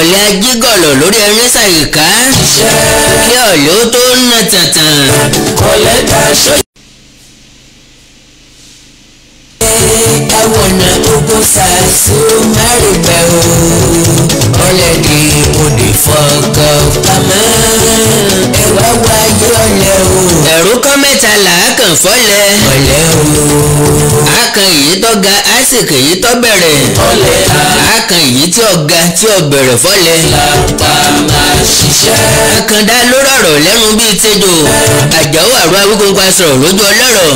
ọ̀lẹ́ ajígọ̀lọ̀ lórí ẹni ṣàyíká kí ọ̀lẹ́ ó tó na tàntàn. ọ̀lẹ́ dá sóyè. ẹwọ̀nà ogun ṣàṣù mẹ́rìnbẹ̀ o ọ̀lẹ́ ni mo lè fọkàn pamọ́ ẹ̀wá wá ẹ̀rú kọ́ mẹ́ta là á kàn fọ́lẹ̀. a kan èyí tó ga a sì kan èyí tó bẹ̀rẹ̀. a kan èyí tí ó ga tí ó bẹ̀rẹ̀ fọ́lẹ̀. àkàndá ló rọ̀rọ̀ lẹ́nu bíi tejò. àjàó àrùn awíkóńkó asọ̀rọ̀ lójú ọlọ́rọ̀.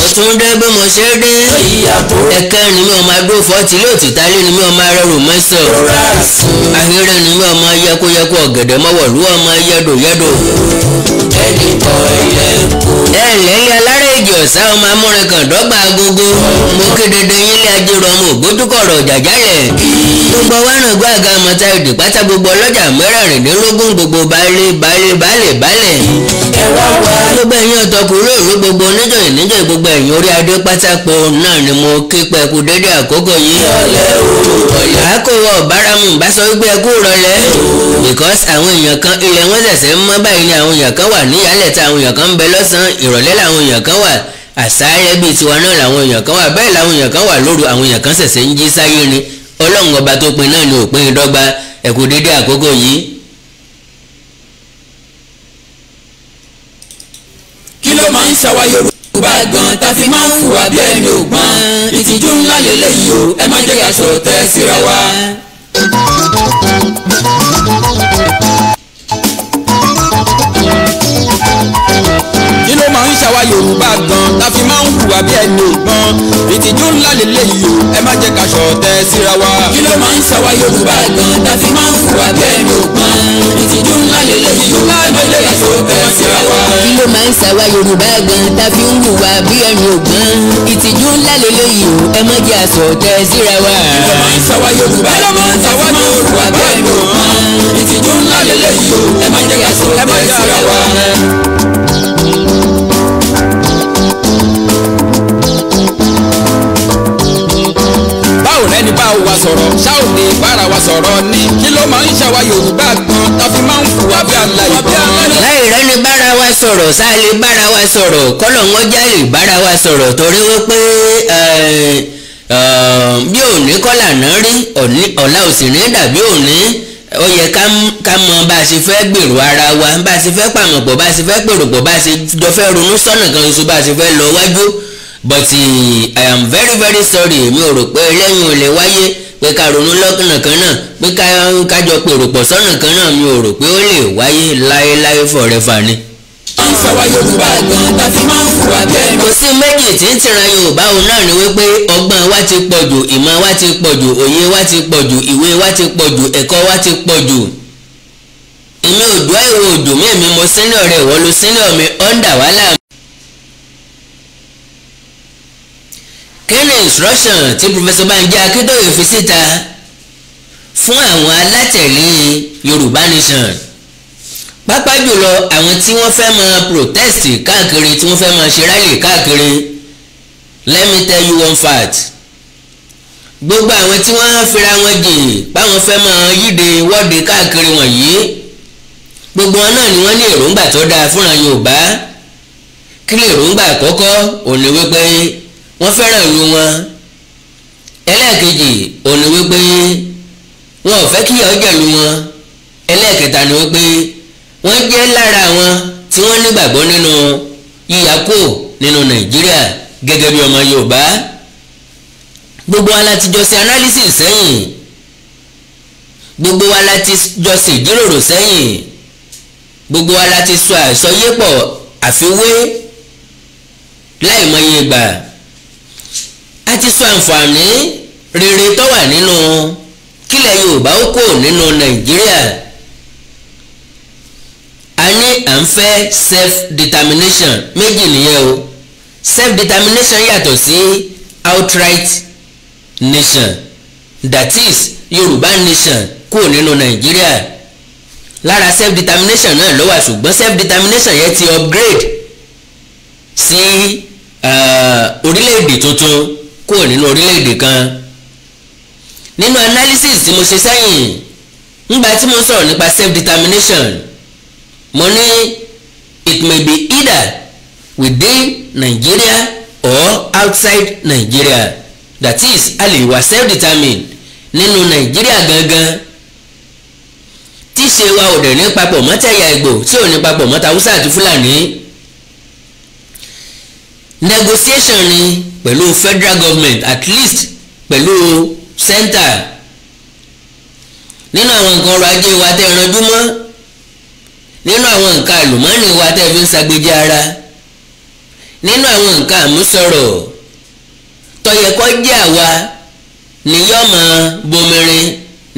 mo tún dé bí mo ṣe dé. ẹ̀kẹ́ ni mi ò máa dó fọ́ọ̀tì ilé òtítà ẹ ǹlẹ́ ilé alára èjì ọ̀sá ọmọ amúrin kan dọ́gba agogo mo kéde dẹyìn ilé ajérò ọmọ ògbójúkọ̀rọ̀ jàjálẹ̀ gbogbo wárangó àga mọ́tà èdè pátá gbogbo ọlọ́jà mẹ́rẹ̀ẹ́rìndínlógún gbogbo baálé baálé baálé baálẹ̀ gbogbo ẹ̀yin ọ̀tọ̀kùnrin òru gbogbo oníjọ ìníjọ gbogbo ẹ̀yin orí adé pátákó náà ni mo kí dédé àkókò yìí èèyàn kan wà níyàlẹ̀ tá àwọn èèyàn kan ń bẹ lọ́sàn-án ìrọ̀lẹ́ làwọn èèyàn kan wà àsáyẹ bíi tiwa náà làwọn èèyàn kan wà bẹ́ẹ̀ làwọn èèyàn kan wà lóru àwọn èèyàn kan ṣẹ̀ṣẹ̀ ń jí sáyé ni ọlọ́run ọba tó pin náà ni òpin ìdọ́gba ẹ kú dédé àkókò yìí. kí ló máa ń ṣàwa yorùbá gan ta fi máa ń hùwà bí ẹni ògbọ́n ìtìjú ńlá lélẹ́yìí o ẹ má àṣà wa yorùbá gan la fi máa ń hùwà bí ẹni ìbọn ìtìjú ńlá lélẹ́yìí o ẹ má jẹ́ ká ṣọ̀tẹ̀ síra wa. kí ló máa ń ṣà wa yorùbá gan la fi máa ń hùwà bí ẹni ìbọn ìtìjú ńlá lélẹ́yìí o ẹ má jẹ́ ká ṣọ̀tẹ̀ síra wa. kí ló máa ń ṣà wa yorùbá gan la fi ń hùwà bí ẹni ìbọn ìtìjú ńlá lélẹ́yìí o ẹ má jẹ́ àṣọ̀tẹ̀ síra wa. kí ló máa ń ṣà wa yorùbá gan la fi máa ń hùwà bí ẹni ìbọn ìtìjú ńlá lélẹ́yìí o ẹ má jẹ́ ká ṣọ̀tẹ̀ síra wa. wa sọ̀rọ̀ ṣá ò wa sọ̀rọ̀ ni kí ló máa ń ṣàwa yorùbá gan tàbí máa ń fún wa bí aláì bọ́. láì rẹ́ni bára wa sọ̀rọ̀ ṣá lè bára wa sọ̀rọ̀ kọ́lọ̀ wọn já lè bára wa sọ̀rọ̀ torí wípé eh, eh, bí òní kọ́là náà rí ọ̀la òsì ní dàbí òní ó yẹ ká mọ bá a ṣe fẹ́ gbèrò ara wa bá a ṣe fẹ́ pàmò bá a ṣe fẹ́ gbèrò pọ̀ bá a ṣe jọ fẹ́ ronú sọ́nà kan ṣoṣo bá a ṣe fẹ́ lọ wájú but eh, i am very very sorry mi ò rò pé ẹlẹ́yin ò wáyé pé ká ronú lọ́kànnà kan náà pé ká jọ pèrò pọ̀ sọ́nà kan náà mi ò rò pé ó lè wáyé láéláé forever ni ìfọwọ́ yorùbá gan ta fi máa ń hùwà bẹ́ẹ̀. kò sí méjì tí ń tìran yorùbá òun náà ni wípé ọgbọ́n wa ti pọ̀ jù ìmọ̀ wa ti pọ̀ jù òye wa ti pọ̀ jù ìwé wa ti pọ̀ jù ẹ̀kọ́ wa ti pọ̀ jù. èmi ò dúró ìwò òdò mi èmi mo sínú ọ̀rẹ́ ìwọ sínú mi ọ̀ ń dà wá láàmú. kí ni instruction tí Professor Banji Akíntóyè fi síta fún àwọn alátẹ̀lé Yorùbá Nation pápá jùlọ àwọn tí wọ́n fẹ́ máa protest káàkiri tí wọ́n fẹ́ máa ṣe rally káàkiri let me tell you one fact gbogbo àwọn tí wọ́n fira wọn jìn báwọn fẹ́ máa yíde wọ́de káàkiri wọ̀nyí gbogbo wọn náà ni wọ́n ní èròǹgbà tó dáa fúnra Yorùbá kí ni èròǹgbà àkọ́kọ́ òní wípé wọ́n fẹ́ràn ìlú wọn ẹlẹ́ẹ̀kejì òní wípé wọn ò fẹ́ kí ìyà ó jẹ̀lú wọn ẹlẹ́ẹ̀kẹta ni wípé wọ́n jẹ́ lára àwọn tí wọ́n nígbàgbọ́ nínú yíyà nínú nàìjíríà gẹ́gẹ́ bí ọmọ yorùbá gbogbo wa la ti jọ ṣe analysis sẹ́yìn gbogbo wa la ti jọ ṣe ìjíròrò sẹ́yìn gbogbo wa la ti sọ àìsọyépọ̀ àfiwé láìmọye ìgbà. So a ti sọ àǹfààní rere tó wà nínú kílẹ̀ Yorùbá ó kò nínú Nàìjíríà a ní à ń fẹ́ self determination méjì nìyẹn o self determination yàtọ̀ sí outright nation that is Yorùbá nation kò nínú Nàìjíríà lára self determination náà ló wà ṣùgbọ́n self determination yẹn ti upgrade sí uh, orílẹ̀-èdè tuntun kúrò nínú orílẹ̀-èdè kan nínú analysis tí mo ṣe sẹ́yìn nígbà tí mo sọ̀rọ̀ nípa self determination mo ní it may be either within Nigeria or outside Nigeria that is a lè wà self determined nínú Nàìjíríà gangan tí ṣe wa ò dẹ̀ ní papọ̀ mọ́tà ẹ̀yà Ìgbò tí ò ní papọ̀ mọ́tà Haúsá àti Fúlàní negotiation ni pẹ̀lú federal government at least pẹ̀lú center nínú àwọn nǹkan ọrọ̀ ajé wa tẹ́ ranjú mọ́ nínú àwọn nǹkan àlùmọ́ọ́nì wa tẹ́ fi ń ṣàgbéjì ara nínú àwọn nǹkan àmúṣọrọ̀ tọyẹ kọ́ jẹ́ àwa ni yọ́ mọ bomirin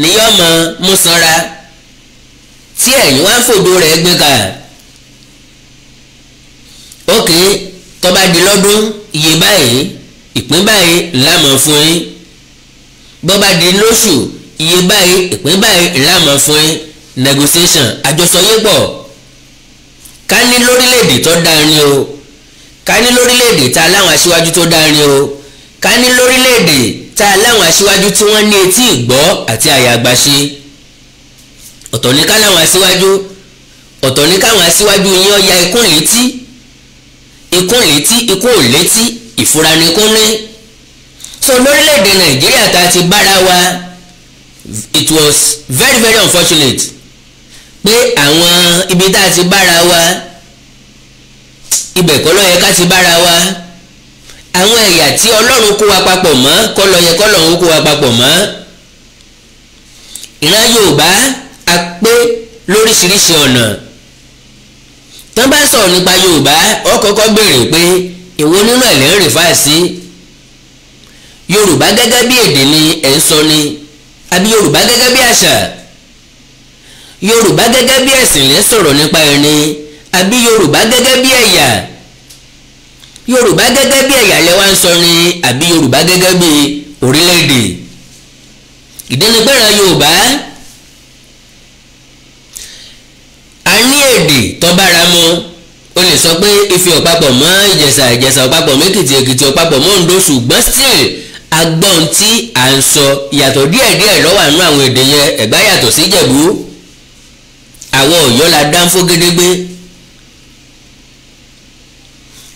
ni yọ́ mọ músanra tí ẹ̀yin wá ń rẹ̀ gbé ka ókè tó di lọ́dún iye báyìí ìpín báyìí lámọ̀ fún yín bó bá di lóṣù iye báyìí ìpín báyìí lámọ̀ fún yín negotiation àjọsọyépọ̀ ká ní lórílẹ̀‐èdè tó dáa ni o ká ní lórílẹ̀‐èdè tá a láwọn aṣíwájú tó dáa ni o ká ní lórílẹ̀‐èdè tá a láwọn aṣíwájú tí wọ́n ní etí ìgbọ́ àti àyàgbàṣe ọ̀tọ̀ ní ká láwọn aṣíwájú ọ̀tọ̀ ní káwọn aṣíwájú yín ó ya ikún létí ikún létí ikún ò létí ìfura ni kún ní. so lórílẹ̀‐èdè nàìjíríà ta ti bára wa it was very very unfortunate pé àwọn ibi tá a ti bára wa ibẹ̀ kọ́ ló yẹ ká ti bára wa àwọn ẹ̀yà tí ọlọ́run kó wa papọ̀ mọ́ kọ́ ló kọ́ lọ́run kó wa papọ̀ mọ́ ìran yorùbá a pé lóríṣiríṣi ọ̀nà tán bá sọ̀rọ̀ nípa yorùbá ó kọ́kọ́ béèrè pé èwo nínú ẹ̀ lè ń rìfà sí yorùbá gẹ́gẹ́ bí èdè ni ẹ̀ ń sọ ni àbí yorùbá gẹ́gẹ́ bí àṣà yorùbá gẹ́gẹ́ bí ẹ̀sìn lè ń sọ̀rọ̀ nípa ẹ̀ ni àbí yorùbá gẹ́gẹ́ bí ẹ̀yà yorùbá gẹ́gẹ́ bí ẹ̀yà lẹ wá ń sọ ni àbí yorùbá gẹ́gẹ́ bí orílẹ̀-èdè ìdí yorùbá èdè tó bára mu o lè sọ pé Ifẹ̀ ọ̀pápọ̀ mọ́ Ìjẹ̀ṣà Ìjẹ̀ṣà ọ̀pápọ̀ mọ́ Èkìtì Èkìtì ọ̀pápọ̀ mọ́ Oǹdó ṣùgbọ́n still agbọ́n tí à ń sọ yàtọ̀ díẹ̀díẹ̀ lọ́wọ́ àánú àwọn èdè yẹn Ẹ̀gbá yàtọ̀ sí Ìjẹ̀bú àwọn Ọ̀yọ́ la dánfó gédégbé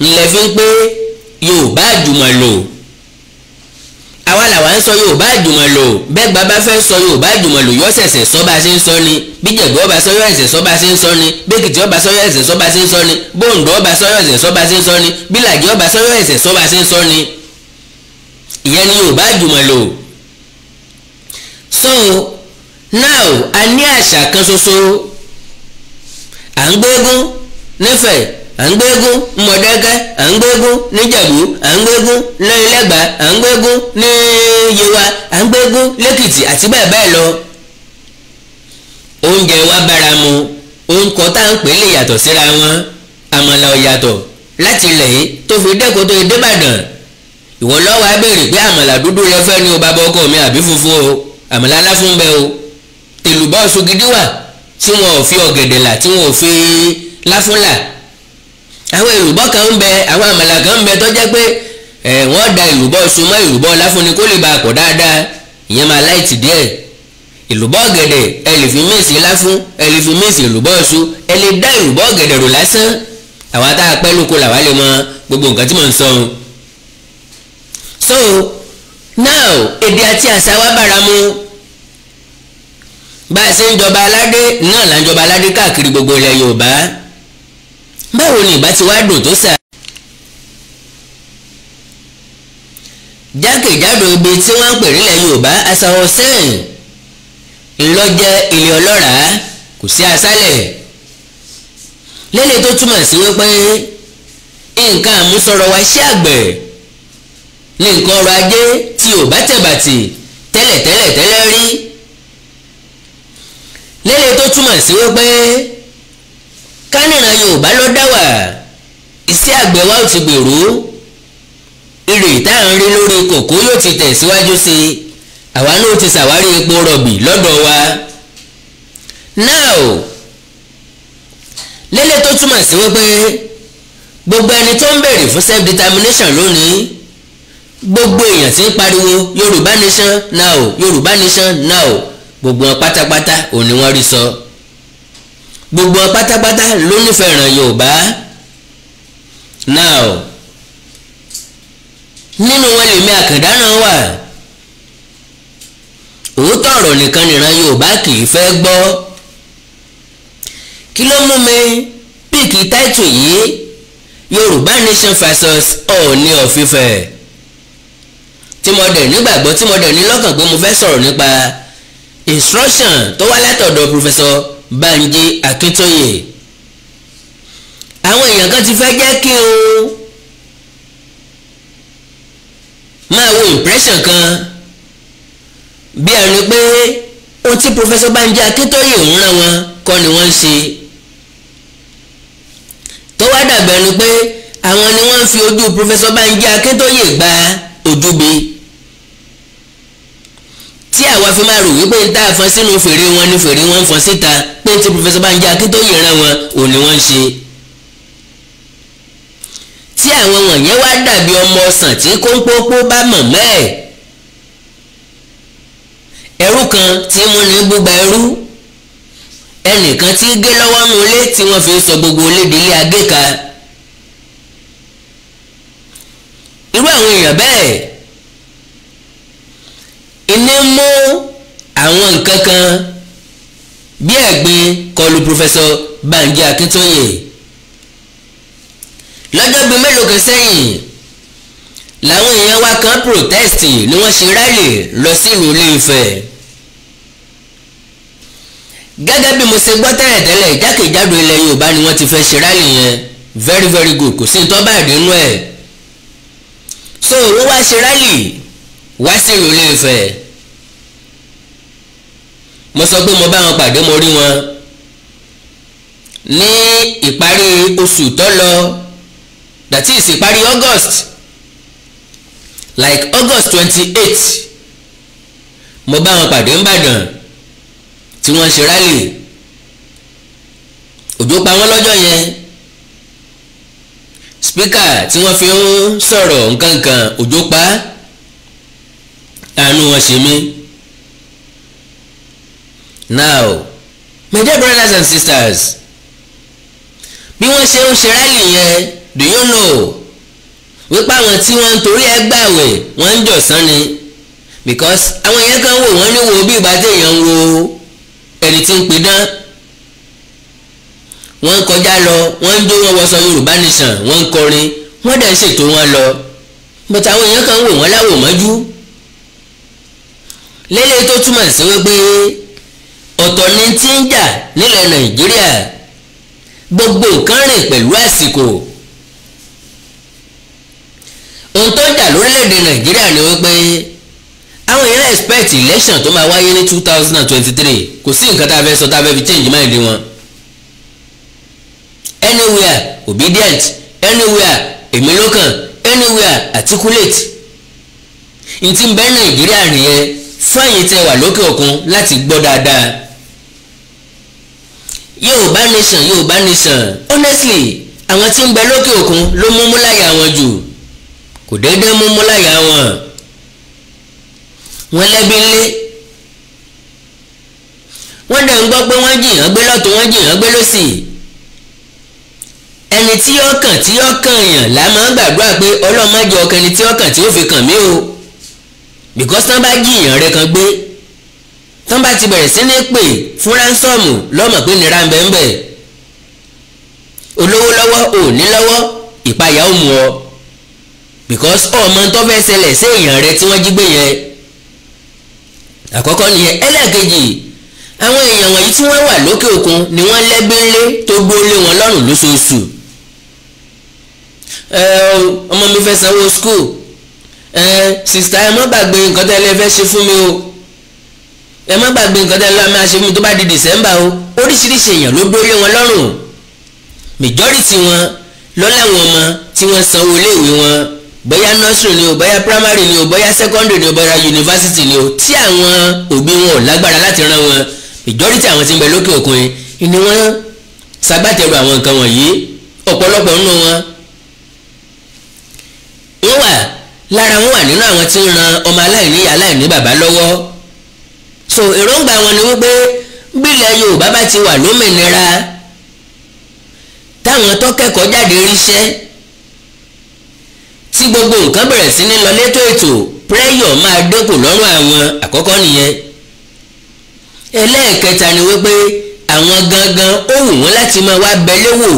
ńlẹ̀ fi ń pé Yorùbá àjùmọ̀lò àwa làwa ń sọ yorùbá àjùmọ̀lò bẹ́ẹ̀ bá bá fẹ́ sọ yorùbá àjùmọ̀lò yọ ṣẹ̀ṣẹ̀ sọ bá a ṣe ń sọ ni bí jẹ̀gbẹ́ ọba sọ yọ ẹ̀ṣẹ̀ sọ bá a ṣe ń sọ ni bí èkìtì ọba sọ yọ ẹ̀ṣẹ̀ sọ bá a ṣe ń sọ ni bóńdó ọba sọ yọ ẹ̀ṣẹ̀ sọ bá a ṣe ń sọ ni bílàjì ọba sọ yọ ẹ̀ṣẹ̀ sọ bá ṣe ń sọ ni ìyẹn ni yorùbá àjùmọ̀lò. so now a ní àṣà kan ṣoṣo à ń gbégún nífẹ̀ẹ́ à ń gbégún mọ̀dákẹ́ à ń gbégún níjẹ̀bú à ń gbégún lẹ́yìnlẹ́gbàá à ń gbégún ní yewa à ń gbégún lẹ́kìtì àti bẹ́ẹ̀ bẹ́ẹ̀ lọ. oúnjẹ wa bára mu oúnkọ tá à ń pè lè yàtọ̀ síra wọn àmàlà ò yàtọ̀ láti ilẹ̀ yìí tó fi dẹ́kun tó dé Ìbàdàn ìwọ lọ́wọ́ á béèrè pé àmàlà dúdú rẹ fẹ́ ni o bàbá ọkọ mi àbí funfun o àmàlà aláfún o tèlùbọ́ gidi wà tí wọn ò fi ọ̀gẹ̀dẹ̀ là tí wọn ò fi láfún àwọn ìrùbọ kan ń bẹ àwọn àmàlà kan ń bẹ tó pé ẹ wọ́n da ìrùbọ sumọ ìrùbọ láfúnni kó lè ba àpọ̀ dáadáa ìyẹn máa láìtì díẹ̀ ìrùbọ ọ̀gẹ̀dẹ̀ ẹ lè fi míìsì láfún ẹ lè fi míìsì ìrùbọ ọ̀ṣun ẹ lè dá ìrùbọ ọ̀gẹ̀dẹ̀ rò lásán àwa tá a pẹ́ lóko làwa lè mọ gbogbo nǹkan tí mò ń sọ o. so now èdè àti àṣà wa bára mu bá a ṣe ń jọba aládé náà là ń jọba aládé káàkiri gbogbo ilẹ̀ Yorùbá báwo ni ìbá ti wá dùn tó sà. jákèjádò ibi tí wọ́n ń pè nílẹ̀ yorùbá asa hussein ńlọ́jẹ́ ilé ọlọ́ràá kò sí asálẹ̀ lélẹ̀ tó túmọ̀ sí wípé nǹkan àmúsọ̀rọ̀ wa ṣé àgbẹ̀ ní nǹkan ọrọ̀ ajé tí yorùbá tẹ̀bàtì tẹ́lẹ̀tẹ́lẹ̀tẹ́lẹ̀ rí lélẹ̀ tó túmọ̀ sí wípé kánìràn yorùbá ló dá wà iṣẹ́ àgbẹ̀ wa ò ti gbèrú ire tá à ń rí lórí kòkó yóò ti tẹ̀síwájú sí i àwa náà ti ṣàwárí epo rọ̀bì lọ́dọ̀ wa now lélẹ̀ tó túmọ̀ sí wípé gbogbo ẹni tó ń bèrè fún self determination lónìí gbogbo èèyàn ti ń pariwo yorùbá nation now yorùbá nation now gbogbo wọn pátápátá òní wọn rí sọ. So gbogbo pátápátá ló nífẹ̀ẹ́ ìran yorùbá now nínú wọn lèmi àkàndá náà wà òótọ́ ọ̀rọ̀ nìkan nìran yorùbá kì í fẹ́ gbọ́ kí ló mú mi píìkì táìtù yìí yorùbá nation versus Ọọ̀ni of Ifẹ̀ tí mo dẹ̀ nígbàgbọ́ tí mo dẹ̀ ní lọ́kàn pé mo fẹ́ sọ̀rọ̀ nípa instruction tó wá látọ̀dọ̀ professor Bánjí Akíntóyè àwọn èèyàn kan ti fẹ́ jẹ́ kí o máa wo impression kan bí ẹni pé ohun tí Professor Bánjí Akíntóyè ń ràn wọn kọ́ ni wọ́n ń ṣe tó wá dàbẹ̀ ni pé àwọn ni wọ́n ń fi ojú Professor Bánjí Akíntóyè gba ojúbi tí àwa fi máa rò wípé ń tá a fọn sínú fèrè wọn ni fèrè wọn ń fọn síta pé tí pòfẹ́sọ̀ Bánjí Akíntóyè rán wọn ò ní wọ́n ń ṣe. tí àwọn wọ̀nyẹn wá dàbí ọmọ ọ̀sán tí kóńpópó bá mọ̀ mẹ́ẹ̀ ẹrú kan tí mo ní gbúgba ẹrú ẹnìkan tí gé lọ́wọ́ nu ilé tí wọ́n fi sọ gbogbo olédèlé agéka irú àwọn èèyàn bẹ́ẹ̀ iná mú àwọn nǹkan kan bí ẹ̀gbin kọlù professor Banji Akíntóyè lọ́jọ́ bíi mélòó kan sẹ́yìn làwọn èèyàn wa kan protest ni wọ́n ṣe rally lọ sí ìlú Ilé Ifẹ̀ gẹ́gẹ́ bí mo ṣe gbọ́ tẹ́lẹ̀ tẹ́lẹ̀ jákèjádò ilẹ̀ Yorùbá ni wọ́n ti fẹ́ ṣe rally yẹn very very good kò sí ní tọ́ báyìí nínú ẹ̀ so wọ́n wá ṣe rally wá sí ìrọ̀lẹ́ ìfẹ́ mo sọ pé mo bá wọn pàdé mo rí wọn ní ìparí oṣù tó lọ that is ìparí August like August twenty eight mo bá wọn pàdé ńbàdàn tí wọ́n ṣe rálì òjò pa wọ́n lọ́jọ́ yẹn spíkà tí wọ́n fi ń sọ̀rọ̀ nǹkan kan òjò pa á àánú wọn ṣe mí. now my dear brothers and sisters bí wọ́n ṣe ń ṣe rálì yẹn do you know wípé àwọn tí wọ́n ń torí ẹ gbàwẹ̀ wọ́n ń jọ̀sán ni because àwọn yẹn kan wò wọ́n ní wo bí ìbá téèyàn ń wo ẹni tí ń pidán wọ́n ń kọjá lọ wọ́n ń jó wọn wọṣọ Yorùbá nìṣàn wọ́n ń kọrin wọ́n dẹ̀ ń ṣètò wọn lọ but àwọn èèyàn kan wò wọ́n láwò mọ́jú lélẹ́yìí tó túmọ̀ sí wípé ọ̀tọ̀ ni ti ń jà nílẹ̀ nàìjíríà gbogbo nǹkan rìn pẹ̀lú àsìkò ohun tó ń jà lórílẹ̀‐èdè nàìjíríà ni wípé àwọn èèyàn expect election tó máa wáyé ní two thousand and twenty-three kò sí nǹkan tá a fẹ́ sọ tá a fẹ́ fi change mind wọn anywhere obedient anywhere èmi lọ́kàn anywhere articulate n ti bẹ́ nàìjíríà nìyẹn fún ẹ̀yin tẹ́ wà lókè òkun láti gbọ́ dáadáa Yorùbá nation Yorùbá nation honestly àwọn tí ń bẹ lókè òkun ló mú múláyà wọn jù kò déédéé mú múláyà wọn wọn lẹ́bi ńlé wọ́n dẹ̀ ń gbọ́ pé wọ́n jìyàn gbé lọ́tún wọ́n jìyàn gbé lọ́sì ẹni tí ọkàn tí ọkàn yàn là máa ń gbàdúrà pé ọlọ́mọdé ọkàn ẹni tí ọkàn tí ó fi kàn mí o because tán bá jiyàn rẹ kan gbé tán bá ti bẹ̀rẹ̀ sí ní pè fún ránsọ́ọ̀mù lọ́mọ̀ pé nira ń bẹ ń bẹ olówó lọ́wọ́ ò ní lọ́wọ́ ìpayà ó mú ọ because ọmọ tó fẹ́ ṣẹlẹ̀ sí èèyàn rẹ tí wọ́n jí gbé yẹn àkọ́kọ́ nìyẹn ẹlẹ́ẹ̀kejì àwọn èèyàn wọ̀nyí tí wọ́n wà lókè òkun ni wọ́n lẹ́gbẹ́lé tó gbólé wọn lọ́rùn lóṣooṣù ọmọ mi fẹ́ sanwó school ẹ sista ẹ má gbàgbé nǹkan tẹ́ lẹ́ fẹ́ ṣe fún mi o ẹ má gbàgbé nǹkan tẹ́ lẹ́ máa ṣe fún mi tó bá di december o oríṣiríṣi èèyàn ló gbé wọn lọ́rùn majority wọn lọ́láwọn ọmọ tí wọ́n sanwó iléèwé wọn bóyá nursery ni o bóyá primary ni o bóyá secondary ni o bóyá university ni o tí àwọn òbí wọn ò lágbára láti rán wọn majority àwọn tí ń bẹ lókè òkun yìí ni wọ́n ṣagbátẹrù àwọn nǹkan wọ̀nyí ọ̀pọ̀lọpọ̀ nínú wọn wọ́n wà lára wọn wà nínú àwọn tí ń ran ọmọ aláìní aláìní bàbá lọ́wọ́ so èròǹgbà wọn ni wípé bílẹ̀ Yorùbá bá ti wà lómìnira táwọn tó kẹ́kọ̀ọ́ jáde ríṣẹ́ tí gbogbo nǹkan bẹ̀rẹ̀ sí ní lọ létò ètò pírẹ́yọ̀ máa dínkù lọ́rùn àwọn àkọ́kọ́ nìyẹn ẹlẹ́ẹ̀kẹta ni wípé àwọn gangan ó wù wọ́n láti máa wá bẹ́lẹ́ wò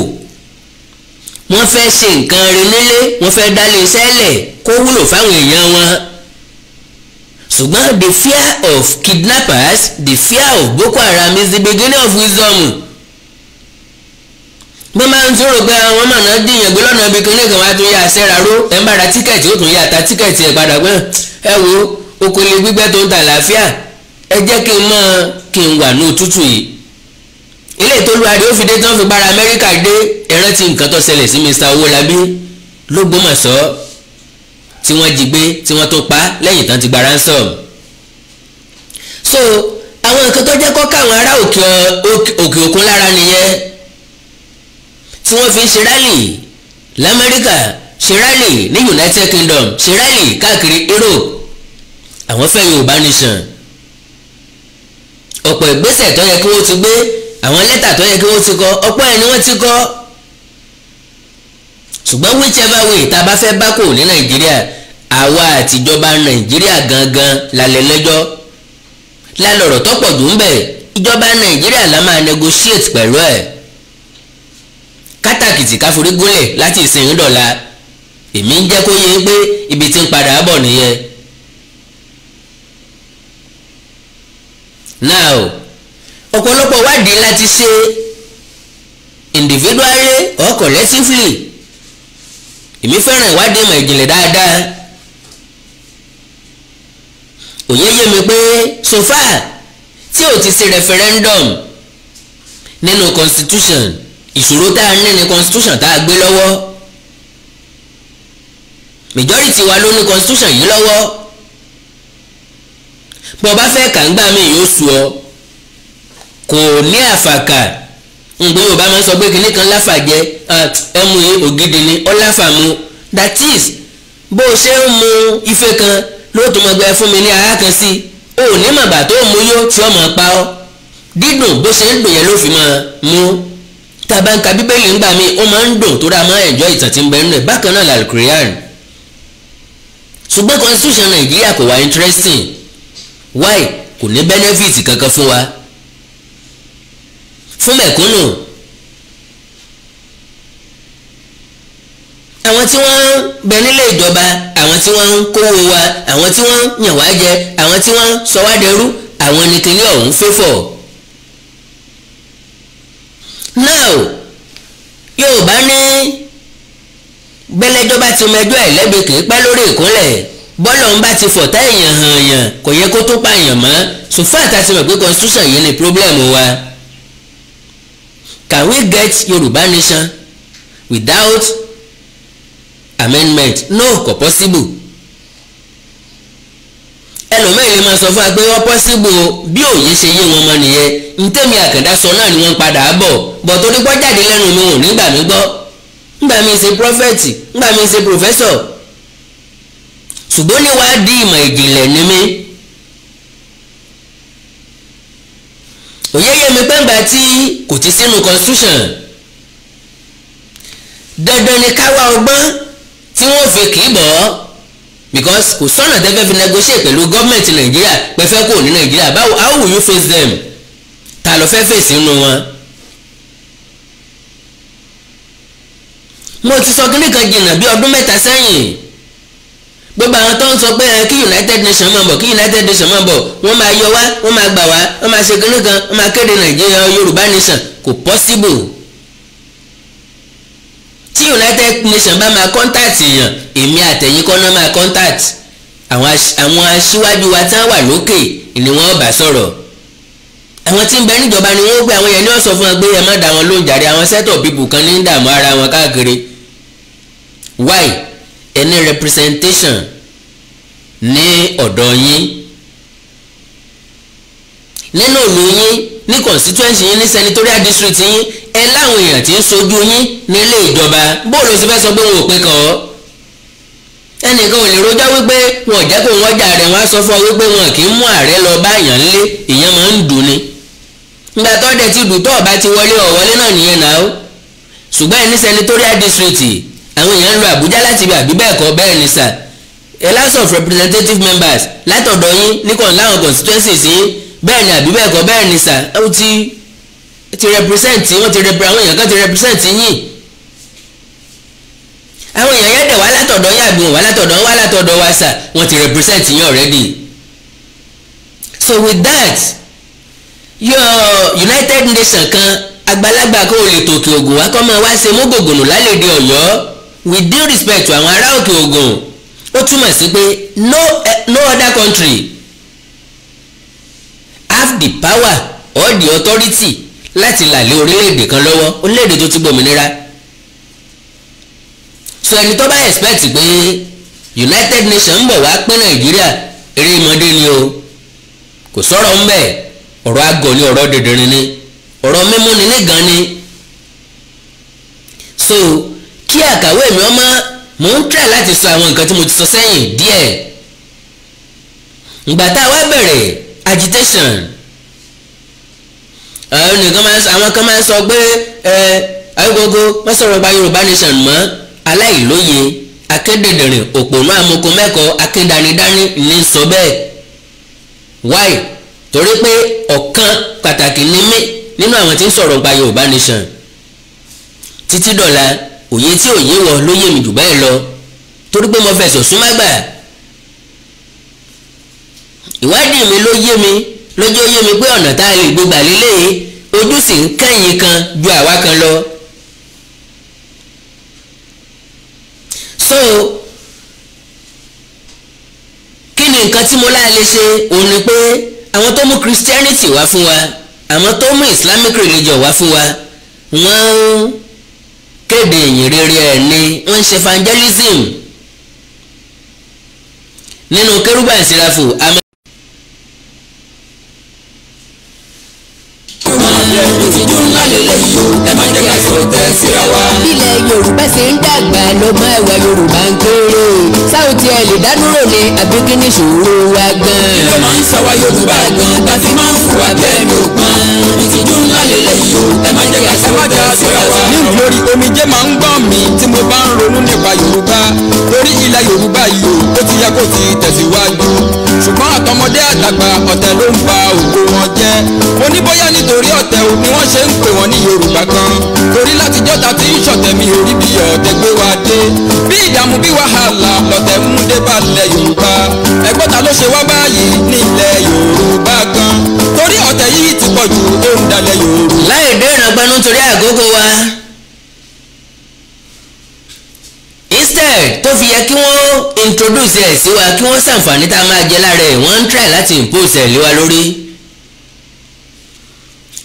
wọ́n fẹ́ ṣe nǹkan rí wọ́n fẹ́ dálé iṣẹ́ lẹ̀ kó wúlò fáwọn èèyàn wọn ṣùgbọ́n the fear of kidnappers the fear of Boko Haram is the beginning of wisdom bí máa ń tóró pé àwọn ọmọ náà dìyàn gbé lọ́nà ibi kínní kan wá tó yà sẹ́ra ró ẹ̀ ń bára tíkẹ́ẹ̀tì ó tún yà ta tíkẹ́ẹ̀tì ẹ̀ padà gbọ́n ẹ wo okòlè gbígbẹ́ tó ń ta àlàáfíà ẹ jẹ́ kí n mọ̀ kí n wà ní òtútù yìí ilé ìtòlúwadé ó fi dé tán fi bára Amẹ́ríkà dé ẹ̀rántí nǹkan tó ṣẹlẹ̀ sí Mr. Owólabí l'Ógbómọ̀ṣọ́ tí wọ́n jí gbé tí wọ́n tún pa lẹ́yìn tán ti gba ransom. so àwọn nǹkan tó jẹ́ kọ́ káwọn ará òkè òkun lára nìyẹn tí wọ́n fi ń ṣe rálì lamẹ́ríkà ṣe rálì ní United Kingdom ṣe rálì káàkiri Europe àwọn fẹ́ Yorùbá nation ọ̀pọ̀ ìgbésẹ̀ tó yẹ kí wọ́n ti gbé àwọn lẹ́tà tó yẹ kí wọ́n ti kọ ọ̀pọ̀ ẹni wọ́n ti kọ́ ṣùgbọ́n whichever way tá a bá fẹ́ bá kò ní nàìjíríà àwa àtijọba nàìjíríà gangan lálẹ́ lẹ́jọ́ lálọ́rọ̀ tọ́pọ̀ jù ń bẹ̀ ìjọba nàìjíríà la máa negotiate pẹ̀lú ẹ̀ kátàkìtì káforí gúnlẹ̀ láti ìsìn dọ̀la èmi ń jẹ́ kó yé pé ibi tí ń padà bọ̀ nìyẹn. now ọ̀pọ̀lọpọ̀ wádìí láti ṣe individually or collectively èmi fẹ́ràn ìwádìí ìmọ̀ ìjìnlẹ̀ dáadáa òye yé mi pé far. tí ò ti ṣe referendum nínú constitution ìṣòro tá a ní ní constitution tá a gbé lọ́wọ́ majority wa ló ní constitution yìí lọ́wọ́ bó o bá fẹ́ kàńgbà mi yóò sùn ọ kò ní àfàkà ǹgbẹ́ yorùbá máa ń sọ pé kinní kan láfà jẹ ẹmu yìí ògidì ni ọ láfà mu that is bó o ṣe ń mu ife kan lóòótọ́ ọmọ ẹgbẹ́ fún mi ní ara kan sí o ò ní màbà tó mu yó tí ọmọ pa ọ́ dídùn bó ṣe ń dùn yẹn ló fi máa mu tàbá ń ka bíbélì ńgbà mi ó máa ń dùn tó dáa máa ẹ̀jọ́ ìtàn tí ń bẹ nínú ẹ̀ bákan náà làlùkìrìyàn ṣùgbọ́n constitution nàìjíríà kò wá interesting why kò ní benefit kankan fún wa fún mẹ̀kúnnù àwọn tí wọ́n ń bẹ nílé ìjọba àwọn tí wọ́n ń kówó wa àwọn tí wọ́n ń yàn wá jẹ àwọn tí wọ́n ń sọ wá dẹrú àwọn ni kinní ọ̀hún fẹ́fọ̀ now Yorùbá ní gbẹlẹjọba ti mọ ẹjọ́ àìlẹ́bi kì í pẹ́ lórí ìkúnlẹ̀ bọ́lá òun bá ti fọ̀tá èèyàn hàn yàn kò yẹ kó tó pààyàn mọ́ sùfáàtà ti mọ̀ pé constitution yìí ni problem wa. can we get Yoruba nation without amendment no kò possible ẹlòmíràn yẹn máa sọ fún wa pé possible o bí òye ṣe yé wọn mọ nìyẹn ntẹ́mi àkàndá sọ náà ni wọ́n padà bọ̀ bọ̀ tó gbọ́ jáde lẹ́nu mi ò nígbà mi gbọ́ ngbà mi ṣe prọfẹ̀tì ngbà mi ṣe prọfẹ́sọ̀ ṣùgbọ́n ní wàá di ìmọ̀ ìjìnlẹ̀ ni mí. òye yé mi pẹ́ǹgbà tí kò ti sínú constitution dandan ni ká wá ọgbọ́n tí wọ́n fi kì í bọ̀ ọ́ because kò sọ́nà tẹ́fẹ́ fi negotiate pẹ̀lú gọ́ọ̀mẹ̀ntì nàìjíríà pẹ́fẹ́ kò ní nàìjíríà báwo how will you face them ta ló fẹ́ fèsì nínú wọn. mo ti sọ kíní kan jìnnà bí ọdún mẹ́ta sẹ́yìn gbogbo àwọn tó ń sọ pé kí united Nation máa bọ̀ kí united Nation máa bọ̀ wọ́n máa yọ wá wọ́n máa gbà wá wọ́n máa ṣe kínní kan wọ́n máa kéde nàìjíríà yorùbá nation kò possible tí united Nation bá máa contact èèyàn èmi àtẹ̀yìn kọ́ náà máa contact àwọn aṣíwájú wa tí wọ́n wà lókè ni wọ́n bá sọ̀rọ̀ àwọn tí ń bẹ níjọba ni wọ́n gbé àwọn yẹn ní ọ̀sán fún wọn gbé ẹ má dá wọn lóhùn jàre àwọn set of people kan ní dààmú ara wọn káàkiri why any representation ní ọ̀dọ̀ yín nínú ìlú yín ní constituency yín ní senatorial district yín ẹ láwọn èèyàn tí ń sojú yín nílé ìjọba bóòlù sì fẹ́ sọ pé wọn ò pé kàn ọ́ ẹnìkan ò lè rojọ́ wípé wọn ò jẹ́ kó wọ́n jà rẹ̀ wọ́n á sọ fún ọ wípé wọn kì í mú ààrẹ lọ bá èèyàn lé èèyàn máa ń dùn ni nígbà tó dẹ̀ ti dùn tó ọba ti wọlé ọ̀wọ́lé náà nìyẹn náà ó ṣùgbọ́n ẹni senatorial district àwọn èèyàn ń lo Àbújá láti ibi àbí bẹ́ẹ̀ kọ́ bẹ́ẹ̀ ni sáà a lot of representative members látọ̀dọ̀ yín níkan láwọn constituencies yín bẹ́ẹ̀ ni àbí bẹ́ẹ̀ kọ́ bẹ́ẹ̀ ni sà ó ti ti represent wọ́n ti represent àwọn èèyàn kan ti represent yín àwọn èèyàn yẹn dẹ̀ wá látọ̀dọ̀ yín àbí wọn wá látọ̀dọ̀ wá látọ̀dọ̀ wá sà wọ́n ti represent yín already so with that your United Nations kan àgbàlagbà kó o lè tòkè ògùn wá kọ́ máa wá ṣe mú gògùnù lálẹ́ di Ọ̀yọ́ with due respect to àwọn ará òkè ògùn ó túmọ̀ sí pé no, eh, no other country have the power or the authority láti là lé orílẹ̀-èdè kan lọ́wọ́ orílẹ̀-èdè tó ti gbòmìnira so ẹni tó bá expect pé United Nations ń bọ̀ wá pín Nàìjíríà eré ìmọ̀dé ni o kò sọ̀rọ̀ ń bẹ̀ ọ̀rọ̀ àgọ̀ ni ọ̀rọ̀ dìndìnrín ni ọ̀rọ̀ mímú ni nígan ni so kí àkàwé mi ọmọ mò ń try láti sọ àwọn nǹkan tí mo ti sọ sẹ́yìn díẹ̀ ìgbà tá a wá bẹ̀rẹ̀ agitation àwọn nìkan máa ń sọ àwọn kan máa ń sọ pé ẹ agogo wọ́n sọ̀rọ̀ gba Yorùbá nation mọ́ aláìlóye akédèdèrìn òpònú amoko mẹ́kọ̀ọ́ akédanidání ní sọ bẹ́ẹ̀ why torí pé ọ̀kan pàtàkì ni mí nínú àwọn tí ń sọ̀rọ̀ gba Yorùbá nation títí dọ̀la òye tí òye wọn ló yé mi jù báyìí lọ torí pé mo fẹsọ̀ súnmọ́gbà ìwádìí mi ló yé mi lọ́jọ́ yé mi pé ọ̀nà tá a lè gbégbà lélẹ́yìn ojú sì ń kẹ́yìn kan ju àwa kan lọ. so kí ni nǹkan tí mo láàlẹ́ ṣe òun ni pé àwọn tó mú Christianity wá fún wa àwọn tó mú Islamic religion wá fún wa wọ́n ń kéde ìyìn rere ẹ̀ ni wọ́n ṣe evangelism nínú kérúbà ìsirafù amẹ́. ẹ má jẹ́ ká sọ tẹ́ síra wa yorùbá ṣe ń dàgbà lọ́mọ ẹ̀wà yorùbá ń kéré sáwọn tí ẹ lè dánúrò ní àbíkí ní ìṣòro wa gan. kí ló máa ń ṣàwa yorùbá gan tàbí máa ń fùwà bẹ́ẹ̀ ló pọn ìtìjú ńlá lélẹ́yìí o ẹ má jẹ́ ká ṣàwádà síra wa. nílùú lórí omijé máa ń gbọ́n mi tí mo bá ń ronú nípa yorùbá lórí ilẹ̀ yorùbá yìí o ó ti yẹ kó ti tẹ̀síwájú ṣùgbọ́n àtọmọdé àtàgbà ọ̀tẹ̀ ló ń ba ògo wọn jẹ́ mo ní bóyá nítorí ọ̀tẹ̀ ò ní wọ́n ṣe ń pè wọ́n ní Yorùbá kan torí látijọ́ ta ti ń ṣọ̀tẹ̀ mi orí bí ọ̀tẹ̀ gbé wa dé bí ìdààmú bí wàhálà lọ̀tẹ̀ ń dé balẹ̀ Yorùbá ẹgbọ́n ta ló ṣe wá báyìí nílẹ̀ Yorùbá gan torí ọ̀tẹ̀ yìí ti pọ̀ ju ohun dalẹ̀ Yorùbá. láì dé ìrànpẹ́ nítorí àgógó wa. instead tó fi yẹ kí wọ́n introduce ẹ̀ sí wa kí wọ́n ṣàǹfààní tá a máa jẹ lára ẹ̀ wọ́n ń try láti impose ẹ̀ lé wa lórí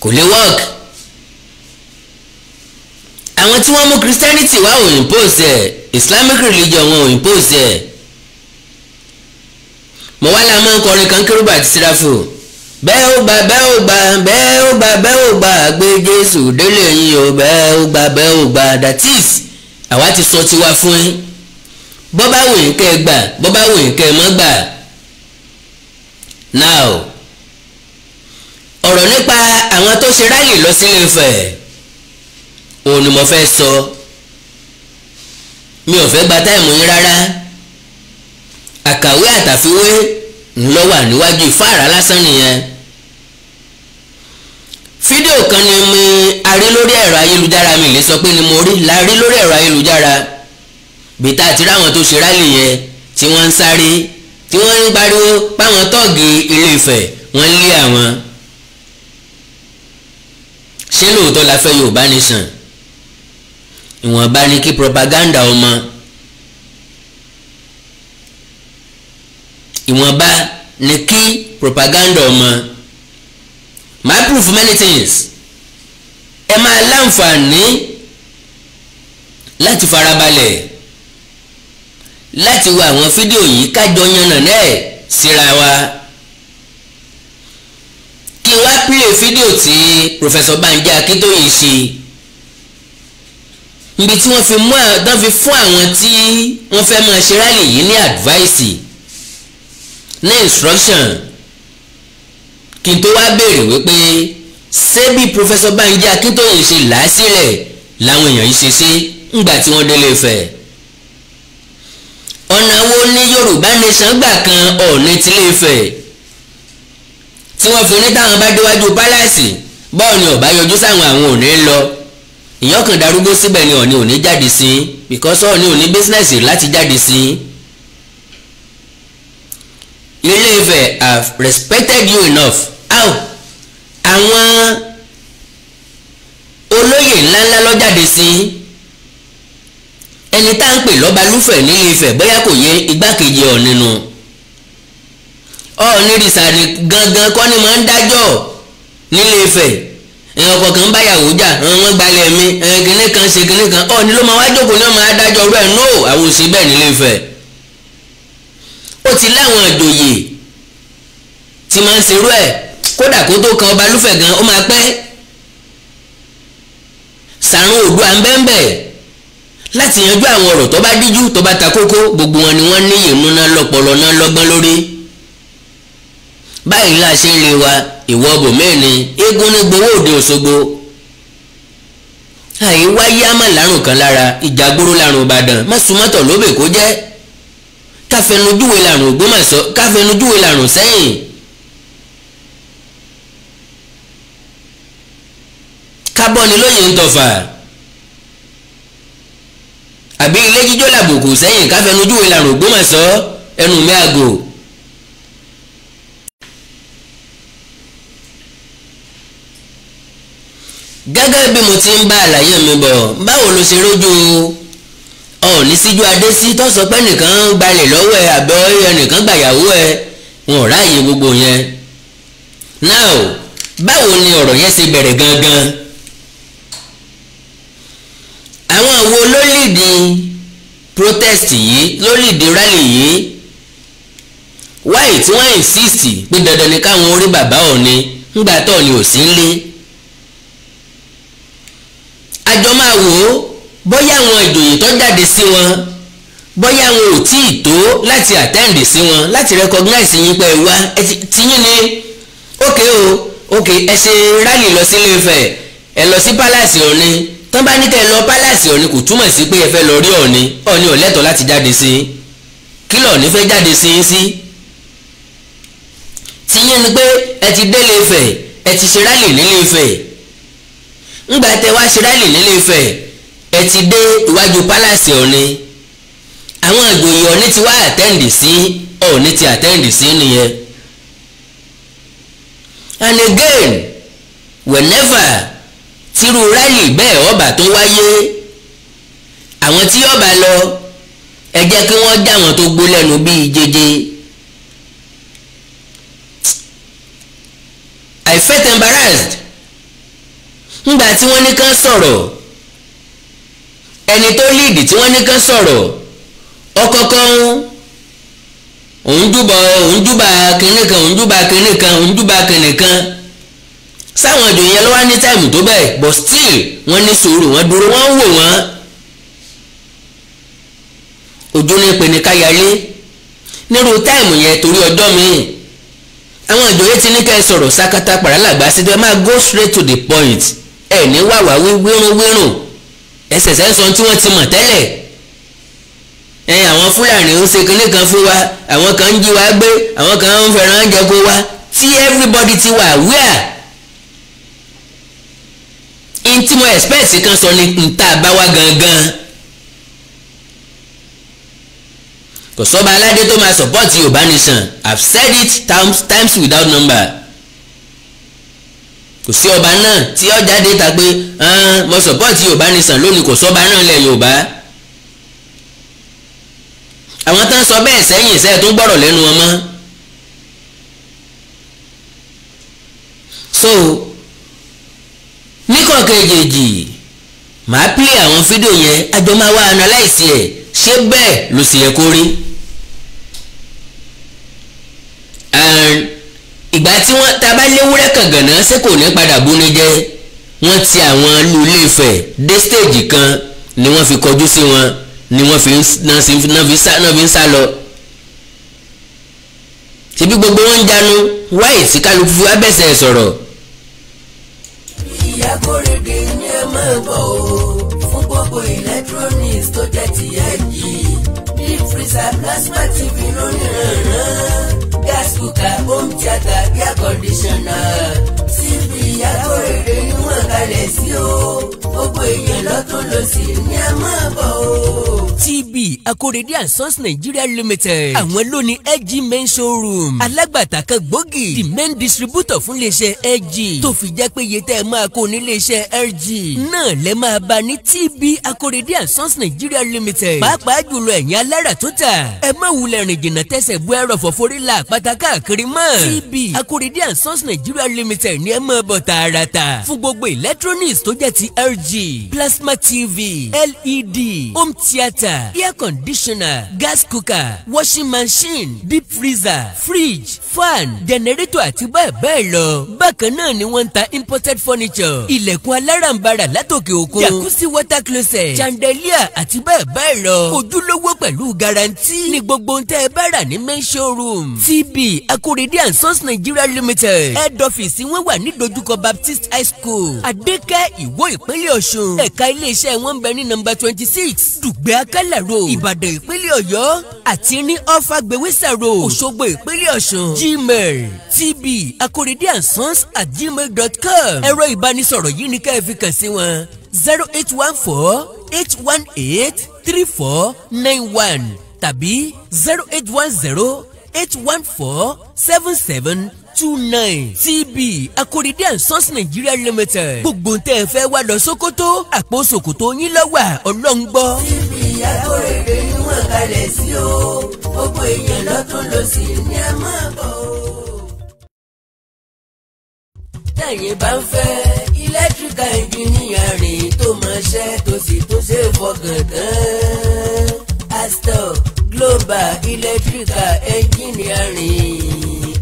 kò lè work àwọn tí wọ́n mú Christianity wá ò impose ẹ̀ Islamic religion wọn ò impose ẹ̀ mo wá la máa ń kọrin kan kérúbà àti sírafù bẹ́ẹ̀ ó gbà bẹ́ẹ̀ ó gbà bẹ́ẹ̀ ó gbà bẹ́ẹ̀ ó gbà gbé Jésù délé yín o bẹ́ẹ̀ ó gbà bẹ́ẹ̀ ó gbà that is àwa ti sọ tiwa fún ẹ bọ́bá wòye kẹ́ ẹ gbà bọ́bá wòye kẹ́ ẹ mọ́ gbà now ọ̀rọ̀ nípa àwọn tó ṣe ráàyè lọ sílé Ifẹ̀ òun ni mo fẹ́ sọ mi ò fẹ́ gba táìmù yín rárá àkàwé àtàfiwé ńlọ wà níwájú ìfáàrà lásán nìyẹn fídíò kan ni mi rí lórí ẹ̀rọ ayélujára mi lè sọ pé ni mo rí la rí lórí ẹ̀rọ ayélujára bìtá àti ráwọn tó ṣe rálì yẹn tí wọ́n ń sáré tí wọ́n ń pariwo páwọn tọ́ọ̀gì Ilé Ifẹ̀ wọ́n ń lé àwọn. ṣé lóòótọ́ la fẹ́ Yorùbá nation ìwọ̀nba ni kí propaganda ọmọ ìwọ̀nba ni kí propaganda ọmọ my proof many things ẹ máa láǹfààní láti farabalẹ̀ láti wo àwọn fídíò yìí kájọ yànnà náà síra wa kí wá pílè fídíò tí Professor Banji Akíntóyè ṣe níbi tí wọ́n fi mú àwọn fi fún àwọn tí wọ́n fẹ́ máa ṣe rálì yìí ní advice ní instruction kí n tó wá béèrè wípé ṣé bí professor Banji Akíntóyè ṣe là á sílẹ̀ làwọn èèyàn yìí ṣe ṣe ńgbà tí wọ́n délé Ifẹ̀ ọ̀nà wo ni Yorùbá nation gbà kan Ọọ̀ni tilé Ifẹ̀ tí wọ́n fi ní táwọn bá déwájú pálásì bọ́ọ̀ ni ọ̀bá yọjú sáwọn àwọn òní ń lọ ìyẹn kan darúgbó síbẹ̀ ni Ọọ̀ni òní jáde sí because Ọọ̀ni òní business, láti jáde sí Ilé Ifẹ̀ have respected you enough how àwọn olóyè ńláńlá lọ́jáde sí ẹni tá à ń pè lọ́ba lúfẹ̀ nílé Ifẹ̀ bóyá kò yé igbákejì ọ̀ nínú ọ̀ọ́nì rìsàlì gangan kọ́ ni máa ń dájọ́ nílé Ifẹ̀ èèyàn kọ̀ọ̀kan báyàwó jà wọ́n gbalẹ̀ mi kìnìún kan ṣe kìnìún kan ọ̀ọ́nì ló máa wá jókòó náà máa dájọ́ rẹ̀ no àwọn òsì bẹ́ẹ̀ nílé Ifẹ̀ ó ti láwọn ìjòyè tí máa ń ṣerú ẹ̀ kódà kó tó kan ọba lúfẹ̀ gan ó máa pẹ́ sàrún òdua ń bẹ́ẹ̀ láti yanjú àwọn ọ̀rọ̀ tó bá díjú tó bá ta kókó gbogbo wọn ni wọ́n ní ìmú náà lọ́pọlọ náà lọ́gbọ́n lórí báyìí la ṣe ń rin wa ìwọ bòmẹ́ẹ̀ni eégún ní gbowó òde Òṣogbo àyè wáyé àmà lárùn kan lára ìjàgbóró lárùn Ìbàdàn má sùmọ́tọ̀ lóbè kó jẹ́ káfẹnujúwe lárùn Ògbómọ̀ṣọ́ káfẹnujúwe lárùn sẹ́yìn kábọ́ọ̀nì lóye ń tọ̀fà àbí ilé jíjó làbùkù sẹ́yìn káfẹnujú ìlànà Ògbómọ̀ṣọ́ ẹnu mi àgò. gẹ́gẹ́ bí mo ti ń bá àlàyé mi bọ̀ báwo ló ṣe rójú ọ̀ọ́nì síjú adé sí tó pé nìkan gbalẹ̀ lọ́wọ́ ẹ àbẹ́ ẹnìkan gbàyàwó ẹ wọn ò ráàyè gbogbo yẹn. now báwo ni ọ̀rọ̀ yẹn ṣe bẹ̀rẹ̀ gangan. àwọn wo ló lìdí protest yìí ló lìdí rally yìí why tí wọ́n insist pé dandan ni káwọn orí bàbá Ọọ̀ni ńgbà tó ni ò sí ńlé àjọ máa wò ó bóyá àwọn ìjòyè tó jáde sí wọn bóyá wọn ò tí ì tó láti àtẹ́ǹdì sí wọn láti recognize yín pé wá tiyín ni ókè o ókè ẹ ṣe rally lọ sí Ilé-Ifẹ̀ ẹ lọ sí palace Ọọ̀ni tán bá ní kẹ́ lọ pálásì ọ̀ni kò túmọ̀ sí pé ẹ fẹ́ lọ rí ọ̀ni ọ̀ni ò láti jáde sí i kí lọ̀ni fẹ́ jáde sí i sí. tiyín ni pé ẹ ti délé Ifẹ̀ ẹ ti ṣe rálì nílé Ifẹ̀ ńgbà tẹ wá ṣe rálì nílé Ifẹ̀ ẹ ti dé iwájú pálásì ọ̀ni àwọn ìgbòyè ọ̀ni ti wá àtẹ́ǹdì sí ọ̀ni ti àtẹ́ǹdì sí nìyẹn and again whenever tírú rálì bẹ́ẹ̀ ọba tó wáyé àwọn tí ọba lọ ẹ jẹ́ kí wọ́n dá àwọn tó gbó lẹ́nu bíi jẹjẹ. I felt embarrassed ngbà tí wọ́n ní kán sọ̀rọ̀ ẹni tó líìdì tí wọ́n ní kán sọ̀rọ̀ ọkọ̀ọ̀kan òun júbà òun júbà kìnìkan òun júbà kìnìkan òun júbà kìnìkan sáwọn ìjòyè yẹn ló wá ní táìmù tó bẹ́ẹ̀ but still wọ́n ní sùúrù wọ́n dúró wọ́n ń wò wọ́n ojú ní pinni káyalé nírú táìmù yẹn torí ọjọ́ míì àwọn ìjòyè ti ní ká ẹ sọ̀rọ̀ sákátá pàrọ̀ làgbà sí ẹ máa go straight to the point ẹ ní wàwá wíwírùnwírùn ẹsẹ̀ sẹ́sọ̀ tí wọ́n ti mọ̀ tẹ́lẹ̀ ẹ àwọn fúlàní ń ṣe kinní kan fún wa àwọn kan ń jí wa gbé àwọn kan ń fẹ́ràn jẹ kó wa tí everybody ti wà wíà n tí mo expect kan sọ ni n bá wá gangan kò sọ́ba aládé tó máa support Yorùbá nation I've said it times, times without number kò sí ọba náà tí ó jáde ta pé mo support Yorùbá nation lónìí kò sọ́ba náà lẹ̀ Yorùbá àwọn tán sọ bẹ́ẹ̀ sẹ́yìn sẹ́ẹ̀ tó gbọ́rọ̀ lẹ́nu wọn mọ́ so níkọ̀ọ̀kan èjèèjì màá play àwọn fídíò yẹn àjọ máa wá analyze ẹ̀ ṣé bẹ́ẹ̀ ló sì yẹ kó rí. ìgbà tí wọ́n ta bá léwúrẹ́ kàngànà ṣé kò ní padà búni jẹ́ wọ́n ti àwọn ìlú Ilé Ifẹ̀ dé stage kan ni wọ́n fi kọjú sí wọn ni wọ́n fi ń sá lọ ṣebí gbogbo wọn ń jánu wáyé tí kálukú fi wá bẹ̀sẹ̀ sọ̀rọ̀ ìyá kórèdè ni ẹ máa bọ̀ o fún gbogbo electronics tó jẹ́ tìyá yìí deep freezer plasma tv lóníranran gas cooker home theatre air conditioner cv ìyá kórèdè ni wọ́n kalẹ̀ sí o gbogbo èèyàn lọ́tún lọ́sì ni a máa bọ̀ o. TB Akorede and Sons Nigeria Limited àwọn ló ní LG main showroom alágbàtà kan gbòógì the main distributor fún iléeṣẹ́ LG tó fi jẹ́ pé iye tẹ́ ẹ máa kó ní iléeṣẹ́ LG náà lẹ́ máa bá ní TB Akorede and Sons Nigeria Limited pàápàá jùlọ ẹ̀yin alára tó tà ẹ má wulẹ̀ rìn jìnnà tẹ̀sẹ̀ bú ẹ̀rọ fọ̀fọ́rí la àpáta káàkiri mọ́ TB Akorede and Sons Nigeria Limited ni ẹ máa bọ̀ tààràtà fún gbogbo electronics tó jẹ́ ti LG lg plasma tv led home theatre air conditioner gas cooker washing machine deep freezer fridge fan jẹnẹrétọ̀ àti bẹ́ẹ̀ bẹ́ẹ̀ lọ bákan náà ni wọ́n ń ta imported furniture ilẹ̀kùn alárànbarà látòkè òkun jacuzzi water closet chandelier àti bẹ́ẹ̀ bẹ́ẹ̀ lọ ojúlówó pẹ̀lú guarantee ní gbogbo ń tẹ́ ẹ bá rà ní main showroom tb akurede and sons nigeria limited head office wọ́n wà ní dojúkọ baptist high school Adeka iwo ìpínlẹ̀ ọ̀ṣun ẹ̀ka iléeṣẹ́ wọn ń bẹ ní nọ́mbà twenty six dùgbẹ́ akálà road ìbàdàn ìpínlẹ̀ ọ̀yọ́ àti ní ọ̀fà gbẹ̀wẹ́sà road òṣogbo ìpínlẹ̀ ọ̀ṣun gmail tb akorede and sons at gmail dot com ẹ̀rọ ìbánisọ̀rọ̀ yìí ni ká ẹ fi kàn sí wọn zero eight one four eight one eight three four nine one tàbí zero eight one zero eight one four seven seven two nine tb akoride and sons nigeria limited gbogbo ń tẹ́ ẹ fẹ́ wá lọ sókótó àpò sòkòtò yín lọ́wọ́ ọlọ́run gbọ́. tb akoride ni wọ́n kalẹ̀ sí o gbogbo èèyàn lọ́tún lọ́sì ni a máa bọ̀ tẹ̀yìn bá ń fẹ́ electrical engineering tó máa ṣẹ́ tó sì tún ṣe fọkàn astor global electrical engineering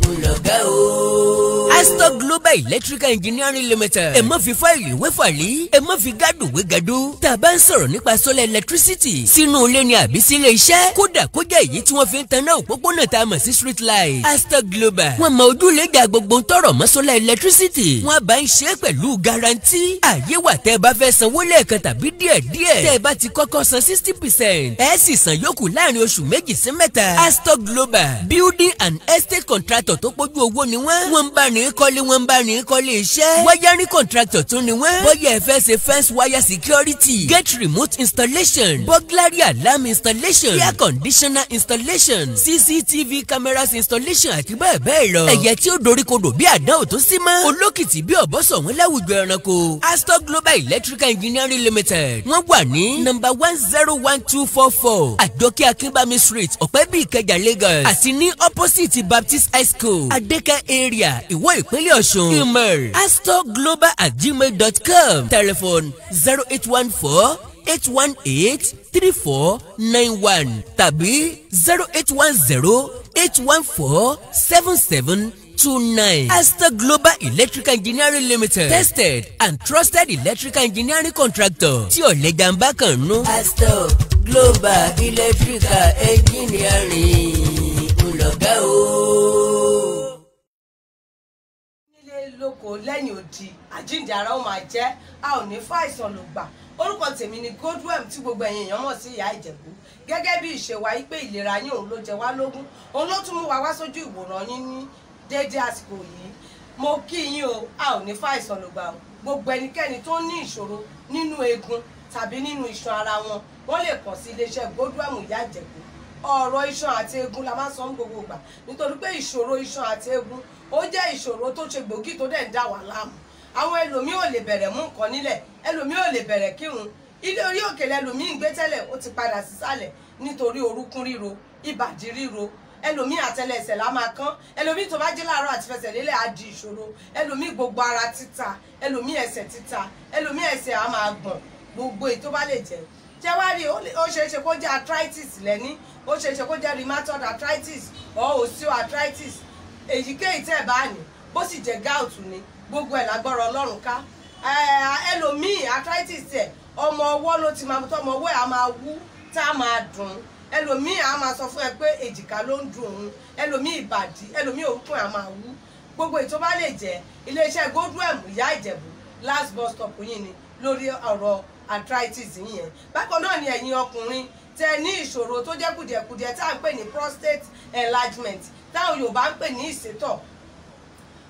ọ̀gá o. Astro Global electrical engineering limited ẹ má fi fáìlì wé fàlí ẹ má fi gádùn wé gẹdú tá a bá ń sọ̀rọ̀ nípa solar electricity sínú ilé ni àbí sílé iṣẹ́ kódà kó jẹ́ èyí tí wọ́n fi ń taná òpópónà tá a mọ̀ sí street light Astor Global wọ́n mọ ojúlẹ̀jà gbogbo ń tọrọ mọ́ solar electricity wọ́n bá ń ṣe é pẹ̀lú garanti àyè wà tẹ́ ẹ bá fẹ́ sanwó lẹ́ẹ̀kan tàbí díẹ̀ díẹ̀ tẹ́ ẹ bá ti kọ́kọ́ san sixty percent ẹ sì san yòókù láàrin oṣù méjì sí mẹ́ta Astor Global building and estate contractor tó pójú owó ni wọ́n wọ́n ń bá ní kọ́lé wọ́n ń bá ní kọ́lé iṣẹ́ wáyẹ́rìn contractor tún ni wọ́n bóyá ẹ ṣe fence wire security gate remote installation burglary alarm installation air conditioner installation cctv cameras installation àti bẹ́ẹ̀ bẹ́ẹ̀ lọ ẹ̀yẹ tí ó doríkodò bí àdánwò tó sí mọ́ olókìtì bí ọ̀bọ̀sọ̀wọ́n láwùjọ ẹranko astor global electrical engineering limited wọ́n wà ní number one zero one two four four àjọkẹ́ akínbámi street ọ̀pẹ́bí ìkẹjà lagos àti ní opposite baptist high school adékẹ́ area ìwó ìpínlẹ̀ ọ̀ṣun Email astorglobal at gmail dot com. Telephone zero eight one four eight one eight three four nine one tàbí zero eight one zero eight one four seven seven two nine. Aster Global Electrical Engineering Limited tested and trusted electrical engineering contractor tí ọ̀lẹ́jà ń bá kàn nú. Aster Global Electrical Engineering ń lọ̀gá o lóko lẹ́yìn odi àjíǹde ara ó máa jẹ́ a ò ní fàìsàn ló gbà orúkọ tèmi ni Goldwem tí gbogbo ẹ̀yin èèyàn mọ̀ sí ìyá ìjẹ̀bú gẹ́gẹ́ bí ìṣe wa pé ìlera yín òun ló jẹ wá lógún òun ló tún mú wa wá sójú ìwòran yín ní déédéé àsìkò yìí mo kí yín o a ò ní fàìsàn ló gbà o gbogbo ẹnikẹ́ni tó ní ìṣòro nínú eegun tàbí nínú iṣan ara wọn wọ́n lè kàn sí iléeṣẹ́ Goldwem ìyá ìjẹ̀bú ọ̀rọ̀ iṣan àti eegun la máa sọ ní gbogbo ìgbà nítorí pé ìṣòro iṣan àti eegun ó jẹ́ ìṣòro tó ṣe gbòógì tó dẹ̀ ń dà wá láàmú àwọn ẹlòmíì ò lè bẹ̀rẹ̀ mú nǹkan nílẹ̀ ẹlòmíì ò lè bẹ̀rẹ̀ kírun ilé orí òkè lẹlòmíì ń gbé tẹ́lẹ̀ ó ti padà sísàlẹ̀ nítorí orúkún ríro ìbàdí ríro ẹlòmíì àtẹlẹsẹ̀ la máa kán ẹlòmíì tó bá jí láàárọ̀ àti fẹsẹ̀ lélẹ̀ á di ìṣòro ẹlòmíì gbogbo ara títa ẹlòmíì ẹsẹ̀ títa ẹlòmíì ẹsẹ̀ á máa gbọ̀n gbogbo èyí tó bá lè jẹ́ jẹ́ wá rí ó ṣeé ṣe kó jẹ́ arthritis lẹ́ní ó ṣeé ṣe kó jẹ́ rheumatoid arthritis or osteoarthritis èyíkéyìí tẹ́ bá ní bó sì jẹ́ gout ni gbogbo ẹ̀ lágbára ọlọ́run ká ẹlòmíì arthritis tẹ̀ ọmọ ọwọ́ ló ti máa tọ́ ọmọ ọwọ́ ẹ̀ á máa wú tá a máa dùn ẹlòmíì á máa sọ fún ẹ pé èjìká ló ń dùn òun ẹlòmíì ìbàdí ẹlòmíì orúkún ẹ̀ á máa wú gbogbo ètò bá lè jẹ́ iléeṣẹ́ Godwem ìyá ìjẹ̀bù last bus stop yìí ni lórí ọ̀rọ̀ arthritis yẹn bákan náà ni ẹ̀yin ọkùnrin tẹ ní ìṣòro tó jẹ́ kùdìẹ̀kùdìẹ̀ tá à ń pè ní prostate enlargement táwọn Yorùbá ń pè ní ìsétọ̀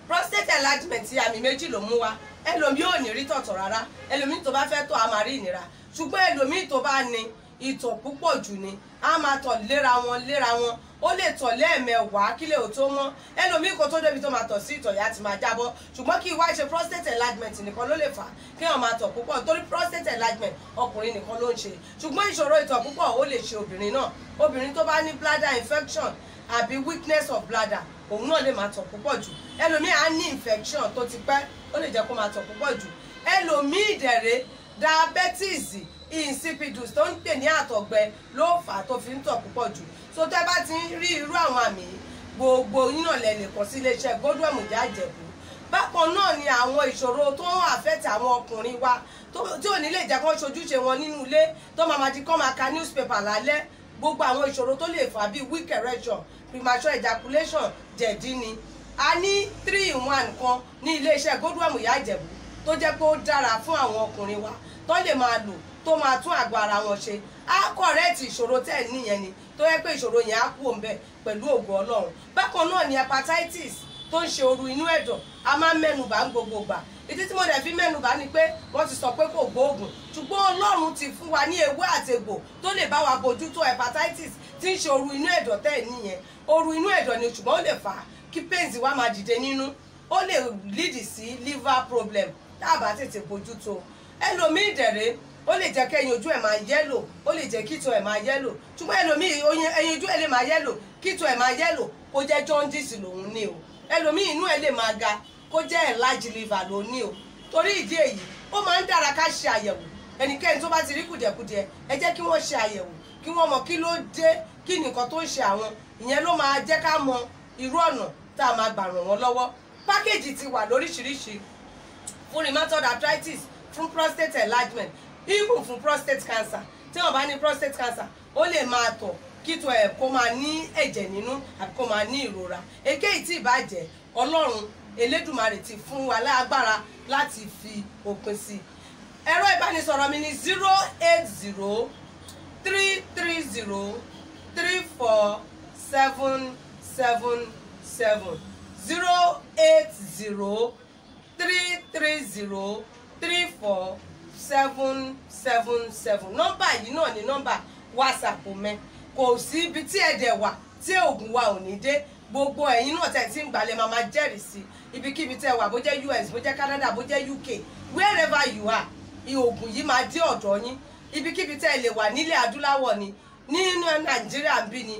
prostate enlargement àmì méjì ló mú wa ẹlòmíì ò ní rí tọ̀tọ̀ rárá ẹlòmíì tó bá fẹ́ tọ̀ a máa rí ìnira ṣùgbọ́n ẹlòmíì tó bá ní ìtọ̀ púpọ̀ jù ni a máa tọ̀ léra wọn léra wọn ó lè tọ̀ lẹ́ẹ̀mẹwàá kílẹ̀ ò tó mọ́ ẹlòmíì kò tó débi tó máa tọ̀ sí ìtọ̀ yá ti máa jábọ́ ṣùgbọ́n kí wá ṣe prostate enlargement nìkan ló lè fà kí wọ́n máa tọ̀ púpọ̀ torí prostate enlargement ọkùnrin nìkan ló ń ṣe ṣùgbọ́n ìṣòro ìtọ̀ púpọ̀ ó lè ṣe obìnrin náà obìnrin tó bá ní bladder infection àbí weakness of bladder òun náà lè máa tọ̀ púpọ̀ jù ẹlòmíì á ní infection tó ti pẹ́ ó lè jẹ́ kó máa tọ̀ púpọ̀ jù ẹlòmíì ìdẹ̀rẹ̀ diabetes insipidus tó ń pè ní àtọ̀gbẹ ló fà á tó fi ń tọ̀ púpọ̀ jù so tẹ́ bá ti ń rí irú àwọn àmì gbogbo yíyan lẹ́lẹ̀ kan sí iléeṣẹ́ gbọ́dọ̀ àmùjá àjẹ̀bù bákan náà ni àwọn ìṣòro tó ń àfẹ́tẹ̀ àwọn ọkùnrin wa tí ò ní lè jẹ́ kán ṣojúṣe wọn nínú ilé tó máa ma di kán máa ka newspaper lálẹ́ gbogbo àwọn ìṣòro tó lè fà bíi weak erection premature ejaculation jẹ̀dí ni a ní three in one kan ní iléeṣẹ́ godwam ìyá ìjẹ̀bú tó jẹ́ pé ó dára fún àwọn ọkùnrin wa tó lè máa lò tó máa tún àgọ́ ara wọn ṣe á kọ̀rẹ́ẹ̀tì ìṣòro tẹ̀ níyẹn ni tó yẹ pé ìṣòro yẹn á kú òǹbẹ pẹ̀lú ògùn ọlọ́run bákan náà ni hepatitis tó ń ṣe ooru inú ẹ̀dọ̀ a máa ń mẹ́nubà ń gbogbo gbà ìdí tí mo dẹ̀ fi mẹ́nubà ni pé wọ́n ti sọ pé kò gbóògùn ṣùgbọ́n ọlọ́run ti fún wa ní ewé àtegbò tó lè bá wa bójútó hepatitis tí ń ṣe ooru inú ẹ̀dọ̀ tẹ̀ nìyẹn ooru inú ẹ̀dọ̀ ni ṣùgbọ́n ó lè fà á kí pains wa máa dìde nínú ó lè lead sí liver problem tá a bá tètè bójútó ẹlòmíì dẹ̀rẹ́ ó lè jẹ́ kí ẹyin ojú ẹ̀ máa yẹ́lò ó lè jẹ́ kíto ẹ̀ máa yẹ́lò ṣùgbọ́n ẹlòmíì ẹyin ojú ẹ̀ lè máa yẹ́lò kíto ẹ̀ máa yẹ́lò kó jẹ́ jaundice lòun ní o ẹlòmíì inú ẹ lè máa ga kó jẹ́ enlarged liver ló ní o torí ìdí èyí ó máa ń dára ká ṣe àyẹ̀wò ẹnikẹ́ni tó bá ti rí kùdẹ̀kùdẹ̀ ẹ jẹ́ kí wọ́n ṣe àyẹ̀wò kí wọ́n mọ kí ló dé kí nìkan tó ń ṣe àwọn ìyẹn ló máa jẹ́ ká mọ irú ọ̀nà tá a máa gbà ràn wọ́n lọ́wọ́ pákéjì ti wà lóríṣiríṣi fún rheumatoid arthritis fún prostate enlargement even fún prostate cancer tí wọ́n bá ní prostate cancer ó lè máa tọ̀ kíto ẹ̀ kó máa ní ẹ̀jẹ̀ nínú àbí kó máa ní ìrora èkéyìí tí ìbàjẹ́ ọlọ́run elédùmarè ti fún wa lágbára láti fi òpin sí ẹ̀rọ ìbánisọ̀rọ̀ mi ní zero eight zero three three zero three four seven seven seven zero eight zero three three zero three four seven seven seven nọ́mbà yìí náà ni nọ́mbà whatsapp mẹ́ kò sí ibi tí ẹ̀dẹ̀ wà tí oògùn wa ò ní dé gbogbo ẹ̀yin náà tẹ̀ tí ń gbalẹ̀ máa máa jẹ́rìí sí ibikíbi tẹ́ wà bó jẹ́ US bó jẹ́ Canada bó jẹ́ UK wherever you are oògùn yìí máa dé ọ̀dọ̀ yín ibikíbi tẹ́ lè wà nílẹ̀ adúláwọ̀ ni nínú Nàìjíríà ń bí ni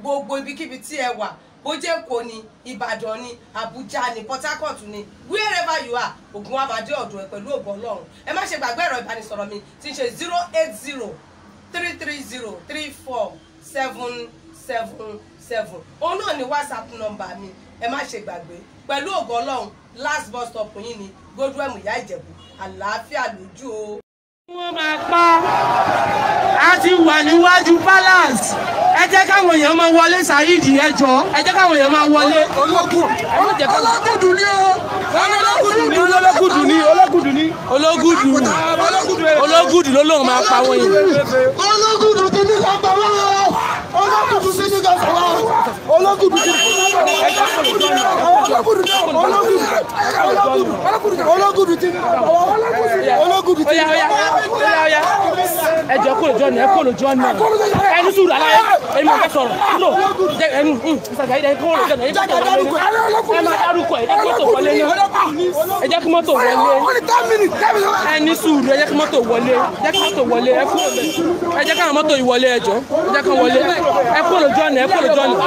gbogbo ibikíbi tí ẹ wà bó jẹ́ Èkó ni Ìbàdàn ni Àbújá ni Port Harcourt ni wherever you are oògùn wa máa dé ọ̀dọ̀ ẹ pẹ̀lú ògbọ́n Ọlọ́run ẹ má ṣe gbàgbé ẹ̀rọ ìbánisọ̀rọ̀ mi tí ń ṣe zero eight zero three three zero three four seven seven seven òun náà ni whatsapp number mi ẹ má ṣe gbàgbé pẹ̀lú ògo ọlọ́run last bus stop yín ni godwem ìyá ìjẹ̀bú àlàáfíà lójú o wọ́n máa pa á ti wà níwájú palace ẹ jẹ́ káwọn èèyàn máa wọlé Saheed ẹ jọ ẹ jẹ́ káwọn èèyàn máa wọlé. ológun ológùdù ni o ológùdù ni ológùdù ni ológùdù ni ológùdù ológùdù ló lóun máa pa wọ́n yìí. ológùdù ti ní ká pa wọ́n o ológùdù ti ní ká pa wọ́n o ológùdù ti ní ká pa wọ́n ológùdù ológùdù ológùdù ti ní ká pa wọ́n ológùdù ti ní ká pa wọ́n ológùdù ti ní ká pa wọ́n ọláyà ẹjọ kò lójú ọ̀nà ẹ kò lójú ọ̀nà ẹni sùúrù aláyà èmi ò fẹ́ sọ̀rọ̀ lò ẹnu ìsàgbà yìí kò lójú ọ̀nà ìjọba ọ̀nà ẹ máa dárúkọ ẹ jẹ́ kí mọ́tò wọlé ẹ jẹ́ kí mọ́tò wọlé ẹni sùúrù ẹ jẹ́ kí mọ́tò wọlé ẹ jẹ́ mọ́tò wọlé ẹ kúrò ẹ jẹ́ káwọn mọ́tò ìwọlé ẹjọ ẹ jẹ́ kí wọ́n wọlé ẹ kò lójú ọ̀nà ẹ kò lójú ọ̀nà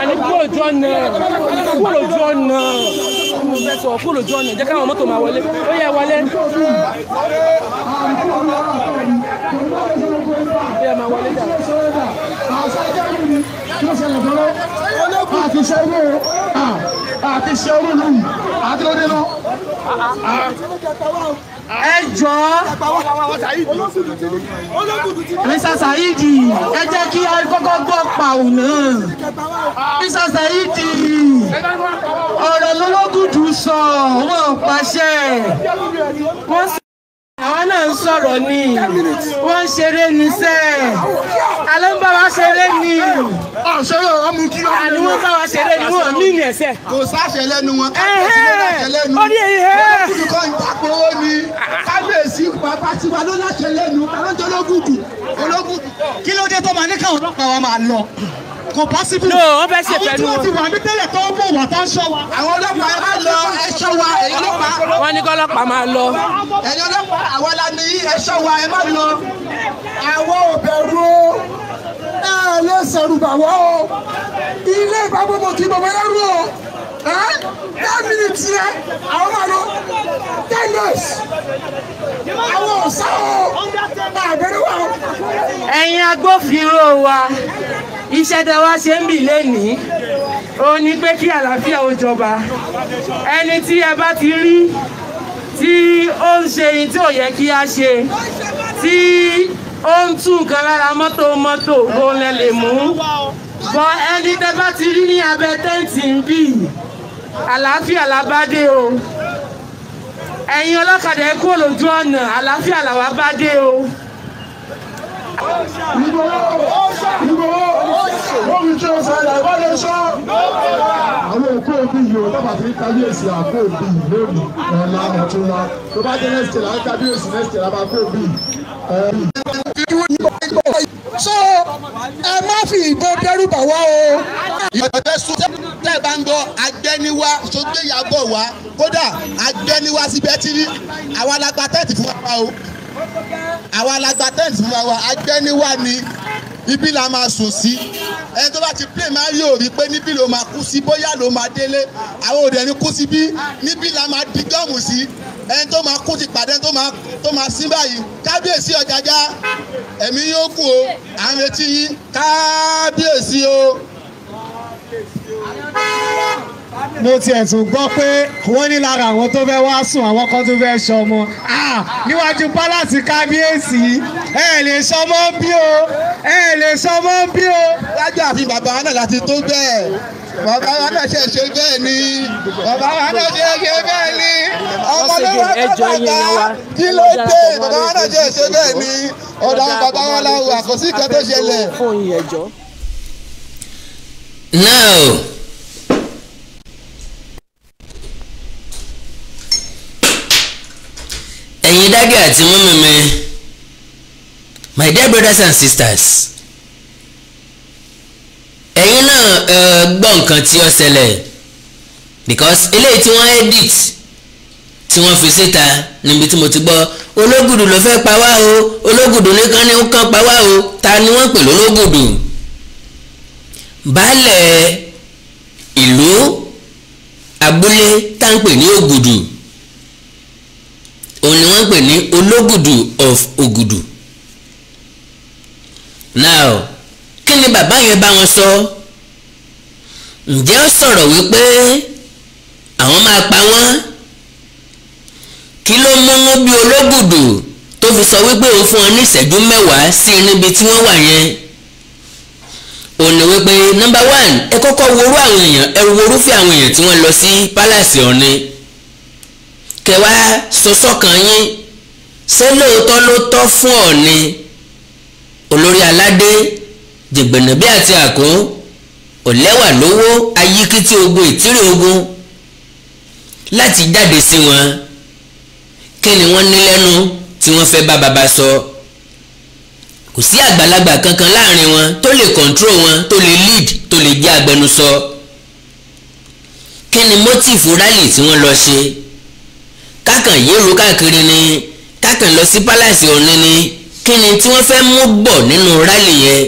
àní kò lójú ọ̀nà kò lójú ọ̀nà mo lójú ọ̀nà ẹ jẹ́ káwọn mọ́tò máa wọlé ó yẹ wọlé àti ṣe owó àti ṣe owó lù àti lóde lọ. ẹ jọ Mr. Saidi ẹ jẹ́ kí a kọ́kọ́ gbọ́ pàù náà Mr. Saidi ọ̀rọ̀ lọ́lọ́gùdù sọ wọ́n pàṣẹ àwọn náà ń sọ̀rọ̀ ni wọ́n ń ṣeré ní sẹ́ẹ̀ alẹ́ ń bá wa ṣeré ni ọ̀ṣọ́rọ̀ ọmú kí wọ́n ní wọ́n bá wa ṣeré ni wọ́n mí ní ẹ̀sẹ̀. kò sáṣẹ lẹ́nu wọn kábíyèsí láṣẹ lẹ́nu ó ní ìtàkùn owó ni kábíyèsí pàápàá tiwa ló láṣẹ lẹ́nu tàlọ́jọ́ ológùdù ológùdù. kí ló dé tó máa ní káwọn ọlọ́pàá wa máa lọ kò pọ́sibú. no wọ́n fẹ́ ṣe pẹ̀lú wọn. àwọn tí wọ́n ti wà ní tẹ́lẹ̀ tó ń bọ̀ wọ́n tó ń ṣọ́ wa. àwọn ọlọ́pàá máa lọ ẹ ṣọ́ wa ẹ̀yin ọlọ́pàá. wọ́n ní kọ́lọ́pàá máa lọ. ẹ̀yin ọlọ́pàá àwa la ní ẹ wa ẹ máa lọ. àwọn ò bẹ̀rù lè ṣẹ̀rù o. ilé ìpamọ́ mo bọ̀ wẹ́rẹ́ rú o. ẹ mínítì rẹ àwọn máa lọ ten days. àwọn ò o. ẹ̀yin agbófinró wa iṣẹ́ tẹ wá ṣe ń bì lénìí ó ní pé kí àlàáfíà ó jọba ẹni tí ẹ bá ti rí tí ó ń ṣe ní tí ò yẹ kí á ṣe tí ó ń tú nǹkan lára mọ́tò mọ́tò gbọ́nlẹ̀ lè mú bọ́ ẹni tẹ bá ti rí ní abẹ́ tẹ́ǹtì ń bì àlàáfíà la bá dé o ẹ̀yin ọlọ́kadà ẹ kúrò lójú ọ̀nà àlàáfíà làwa bá dé o. Ìgbòho Ìgbòho lórí tí o ṣẹlẹ̀ ìwọ́de sọ. So ẹ má fi ìbọn dẹ́rù bà wá o. Ìyọ̀dẹ sùn bá ń gbọ́ agbẹ́niwá sógbéyàgbọ̀ wá kódà agbẹ́niwá síbẹ̀ tí rí àwọn alágbàtà ti fún wa o àwa la gba tent fún wa agbẹ́niwá ni ibi la máa sùn sí ẹni tó bá ti play mario rí pé níbí ló máa kú sí bóyá ló máa délé àwọn òde ni kú sí bí níbí la máa di gọ́ọ̀mù sí ẹni tó máa kú ti pàdé tó máa sí báyìí kábíyèsí ọ̀jájá ẹ̀mí yóò kú o à ń retí yín kábíyèsí o mo tiẹ̀ tún gbọ́ pé wọ́n ní lára àwọn tó fẹ́ wá sùn àwọn kan tó fẹ́ sọmọ níwájú pálásì kábíyèsí ẹ lè sọmọ bí o ẹ lè sọmọ bí o. lájọ àfi bàbá náà láti tó bẹ́ẹ̀ bàbá wa náà ṣe ṣe bẹ́ẹ̀ ni bàbá wa náà ṣe ṣe bẹ́ẹ̀ ni ọmọ ló wá tó bàbá kí ló dé bàbá wa náà ṣe ṣe bẹ́ẹ̀ ni ọ̀dà bàbá wa la wà kò tó ṣẹlẹ̀. now. dádì àti mọ́mí my dear brothers and sisters ẹ̀yin náà gbọ́ nǹkan tí ó ṣẹlẹ̀ because eléyìí tí wọ́n edit tí wọ́n fi síta níbi tí mo ti gbọ́ ológùdù ló fẹ́ pa wá o ológùdù nìkan ni ó kàn pa wá o ta ni wọ́n pè lólógùdù baálẹ̀ ìlú abúlé tá ń pè ní ògùdù òun ni wọ́n ń pè ní ológùdù of ògùdù now kí ni bàbá yẹn bá wọn sọ ǹjẹ́ ó sọ̀rọ̀ wípé àwọn máa pa wọ́n kí ló múnú bí ológùdù tó fi sọ wípé òun fún wọn ní ìṣẹ́jú mẹ́wàá sí níbi tí wọ́n wà yẹn òun ni wípé number one ẹ kọ́kọ́ worú àwọn èèyàn ẹ worú fi àwọn èèyàn tí wọ́n lọ sí palace ọ̀ni kẹwàá sọsọ kan yín ṣé lóòótọ́ ló tọ́ fún ọ ni olórí aládé jẹ̀gbẹ̀nà bí àti àkó ọ̀lẹ́wà lówó ayíkítí ogun ìtírì ogun láti jáde sí wọn kí ni wọ́n ní lẹ́nu tí wọ́n fẹ́ bá baba sọ kò sí àgbàlagbà kankan láàrin wọn tó lè control wọn tó lè lead tó lè jẹ́ agbẹnusọ kí ni motive rally tí wọ́n lọ ṣe kákan yéèrú káàkiri ni kákan lọ sí palace ọ̀nì ni kí ni tí wọ́n fẹ́ mú bọ̀ nínú rally yẹn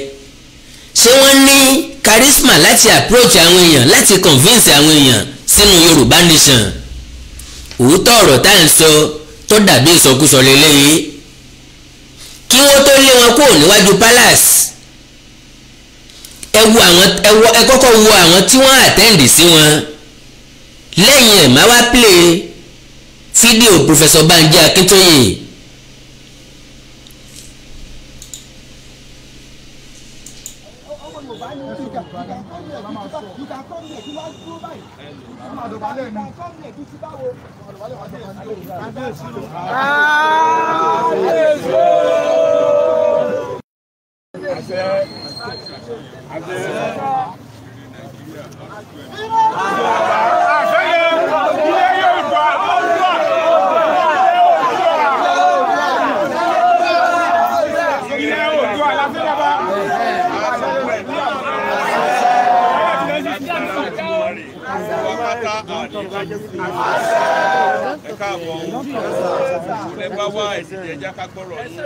ṣé wọ́n ní charisma láti approach àwọn èèyàn láti convince àwọn èèyàn sínú Yorùbá nation òótọ́ ọ̀rọ̀ tá à ń sọ tó dàbí ìsọkúsọ lélẹ́yìn kí wọ́n tó lé wọn kúrò níwájú palace ẹ wo àwọn ẹ wo ẹ kọ́kọ́ wo àwọn tí wọ́n àtẹ́ǹdì sí wọn lẹ́yìn ẹ̀ máa wá play fídíò Professor Banji Akíntóyè. Àṣẹ. Àṣẹ. káàbọ̀ ìṣúlẹ̀ bá wá ẹ̀sìn jẹjá ká gbọ́rọ̀ yìí.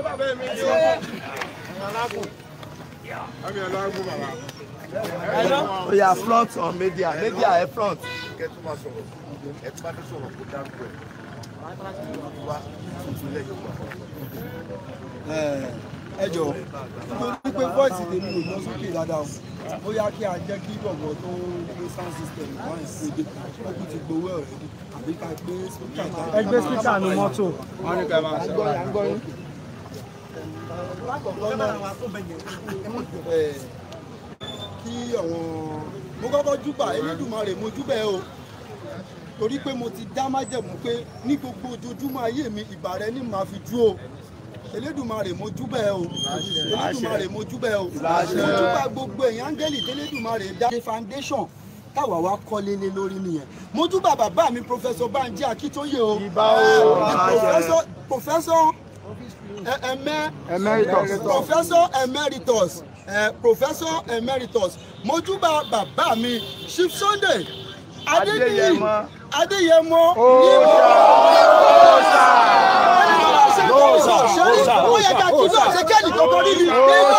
Oya oh, front on media media eh, eh, ẹ front. Kẹ́tù máa sọ̀rọ̀ ẹ tí nítorí pé voice tèmi ò lọ sókè dáadáa o ó yá kí a jẹ́ kí bọ̀bọ̀ tó ń gbé sound system wá ìsinmi ó kú ti gbowó ẹ̀rẹ́dì ẹ gbé spíkà nu mọ́tò. kí àwọn mo kọ́kọ́ júbà Elédùmarè mo júbẹ̀ o torí pé mo ti dá májẹ̀mú pé ní gbogbo ojoojúmọ́ ayé mi ìbà rẹ ni màá fi jú o elédùmarè mojúbẹ o elédùmarè mojúbẹ o mojúbà gbogbo èèyàn áńgẹ́lì tẹ́lẹ̀dùmarè dá táwa wá kọ́lé lé lórí nìyẹn mo tún bá bàbá mi pòfẹ́sọ Bánjí Akíntóyè o pòfẹ́sọ emeritus pòfẹ́sọ emeritus mo tún bá bàbá mi Chief Sunday Adédìyí Adéyẹmọ yìí ló ṣe kó ṣe ó yẹ ká tún náà ṣe kẹ́ẹ̀lì tó kọ́ nínú ìgbésẹ̀.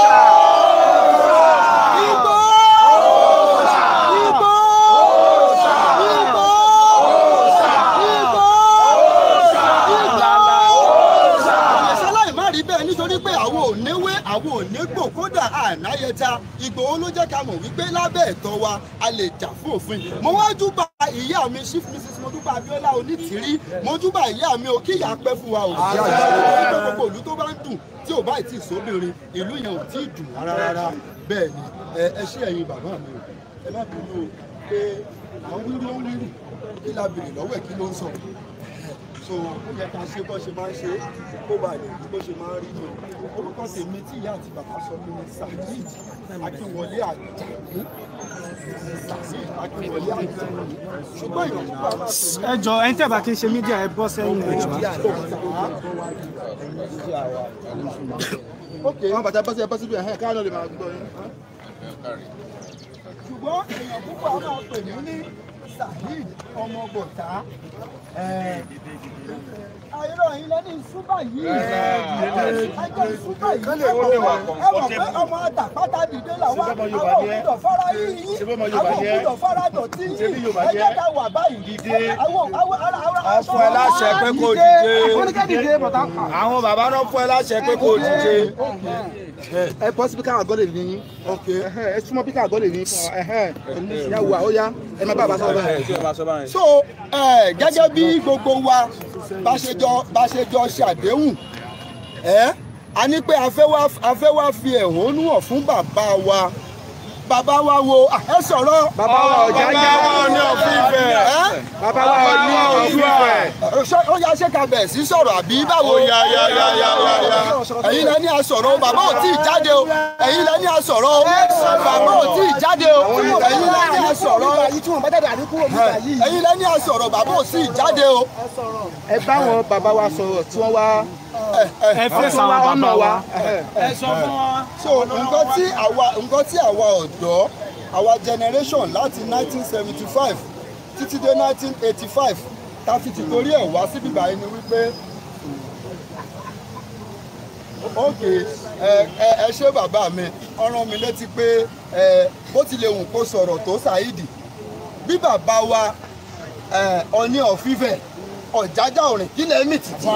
ìjẹta Ìgbòho ló jẹ́ ká mọ̀ wípé lábẹ́ ẹ̀tọ́ wa a lè jà fún òfin mo wá júbà ìyá mi chief mrs mojúbà abiola onítìrí mojúbà ìyá mi ò kíyà pẹ́ fún wa ò sí àjọyọ̀ gbogbo ìlú tó bá ń dùn tí ò bá ì tí ì sóbìnrin ìlú yẹn ò tí ì dùn rárá bẹ́ẹ̀ ni ẹ ṣé ẹ̀yin bàbá mi o ẹ má bínú o pé àwọn wíwí ó ń rírì kí la bèrè lọ́wọ́ ẹ̀ kí ló ń sọ so ó yẹ ká ṣe bó ṣe máa ń ṣe kó bá lè bó ṣe máa ń rí lò orúkọ tèmi tí ìyá àti bàbá sọ fún mi Saheed Akínwọlé Àjàní Saheed Akínwọlé Àjàní ṣùgbọ́n èèyàn máa tẹ̀lé. ẹ jọ ẹni tẹ́ bá kí n ṣe mídíà ẹ bọ́ sẹ́yìn ẹ jọ. ok wọn bàtà bá sí ẹ bá síbi ẹ káà náà lè máa gbọ́ yín. ṣùgbọ́n èèyàn púpọ̀ máa pè mí ní Saheed ọmọ Ọ̀tà. Thank you. àìrọ̀ yìí lẹ́ni ìsúbà yìí ẹjọ́ ìsúbà yìí ẹ mọ̀ pé ọmọ àtàpátá dìde làwa àwọn òkúdọ̀ fara yìí àwọn òkúdọ̀ fara dọ̀tí yìí ẹjẹ́ dá wà báyìí àwọn fún ẹ láṣẹ pé kò dìde àwọn bàbá náà fún ẹ láṣẹ pé kò dìde. ẹ pọ́ sí píkà àgọ́ lè ní yín ẹ súnmọ́ píkà àgọ́ lè ní yín yà wà ó yá ẹ má bàbá sọ báyìí. so gẹ́gẹ́ bí gbogbo wa bá ṣe jọ jọ bá ṣe jọ ṣàdéhùn ẹ a ní pé a fẹ́ wá fi ẹ̀hónú hàn fún bàbá wa. Baba wa wo ẹ sọ̀rọ̀. bàbá wa ọ̀jájá bàbá wa ní ọ̀fin Ifẹ̀. bàbá wa ní ọ̀fin Ifẹ̀. ó yá ṣé ká bẹ̀rẹ̀ sí sọ̀rọ̀ àbí báwo. ya ya ya ya ya ya. ẹ̀yin lẹ ní a sọ̀rọ̀ o bàbá ò tí ì jáde o ẹ̀yin lẹ ní a sọ̀rọ̀ o bàbá ò tí ì jáde o ẹ̀yin lẹ ní a sọ̀rọ̀ o ẹ̀yin lẹ ní a sọ̀rọ̀ Baba ò tí ì jáde o. ẹ bá wọn bàbá wa sọ̀rọ̀ tí wọ́n wá ẹ fi fún wa wa ẹ sọ fún wa. so nǹkan tí àwa nǹkan tí àwa ọ̀dọ́ àwa generation láti nineteen seventy five títí dé nineteen eighty five ta fi ti torí ẹ̀ wá síbi báyìí ni wípé ok ẹ ṣé bàbá mi ọ̀ràn mi létí pé bó ti lè wù kó sọ̀rọ̀ tó ṣáídì bí bàbá wa ọ̀ní ọ̀fífẹ́ ọ̀jájá òrìn kílẹ̀ mìtì tí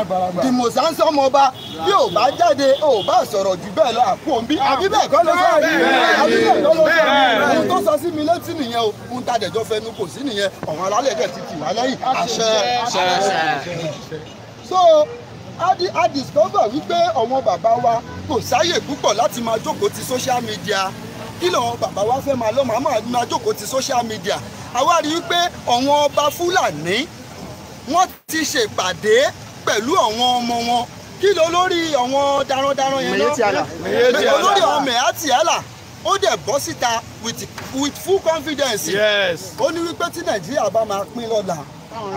dìmọ̀sá ń sọmọ bí ò bá jáde ò bá sọ̀rọ̀ jù bẹ́ẹ̀ lọ àpò òǹbí àbí bẹ́ẹ̀ kọ́ ló sọ̀rọ̀ àbí bẹ́ẹ̀ kọ́ ló sọ̀rọ̀ ohun tó sọ sí mi létí nìyẹn o ohun tá dẹ̀jọ́ fẹnu kò sí nìyẹn ọ̀hún alálẹ̀ dẹ̀ ti tì wá lẹ́yìn àṣẹ so adi adiscover wípé ọ̀wọ́n bàbá wa kò sáyè púpọ̀ láti máa jókòó ti social media kí lọ́wọ́ bàbá wa fẹ́ máa lọ́ máa máa jókòó ti social media àwa rí i pé ọ̀wọ́n ọba fúlàní wọ́n ti ṣèpàdé pẹ̀lú àwọn ọmọ wọn kí ló lórí àwọn darandaran yẹn náà olórí àwọn mẹ̀hátì àlà ó dẹ̀ bọ́ síta with with full confidence Yes. ó ní wípé tí nàìjíríà bá máa pín lọ́la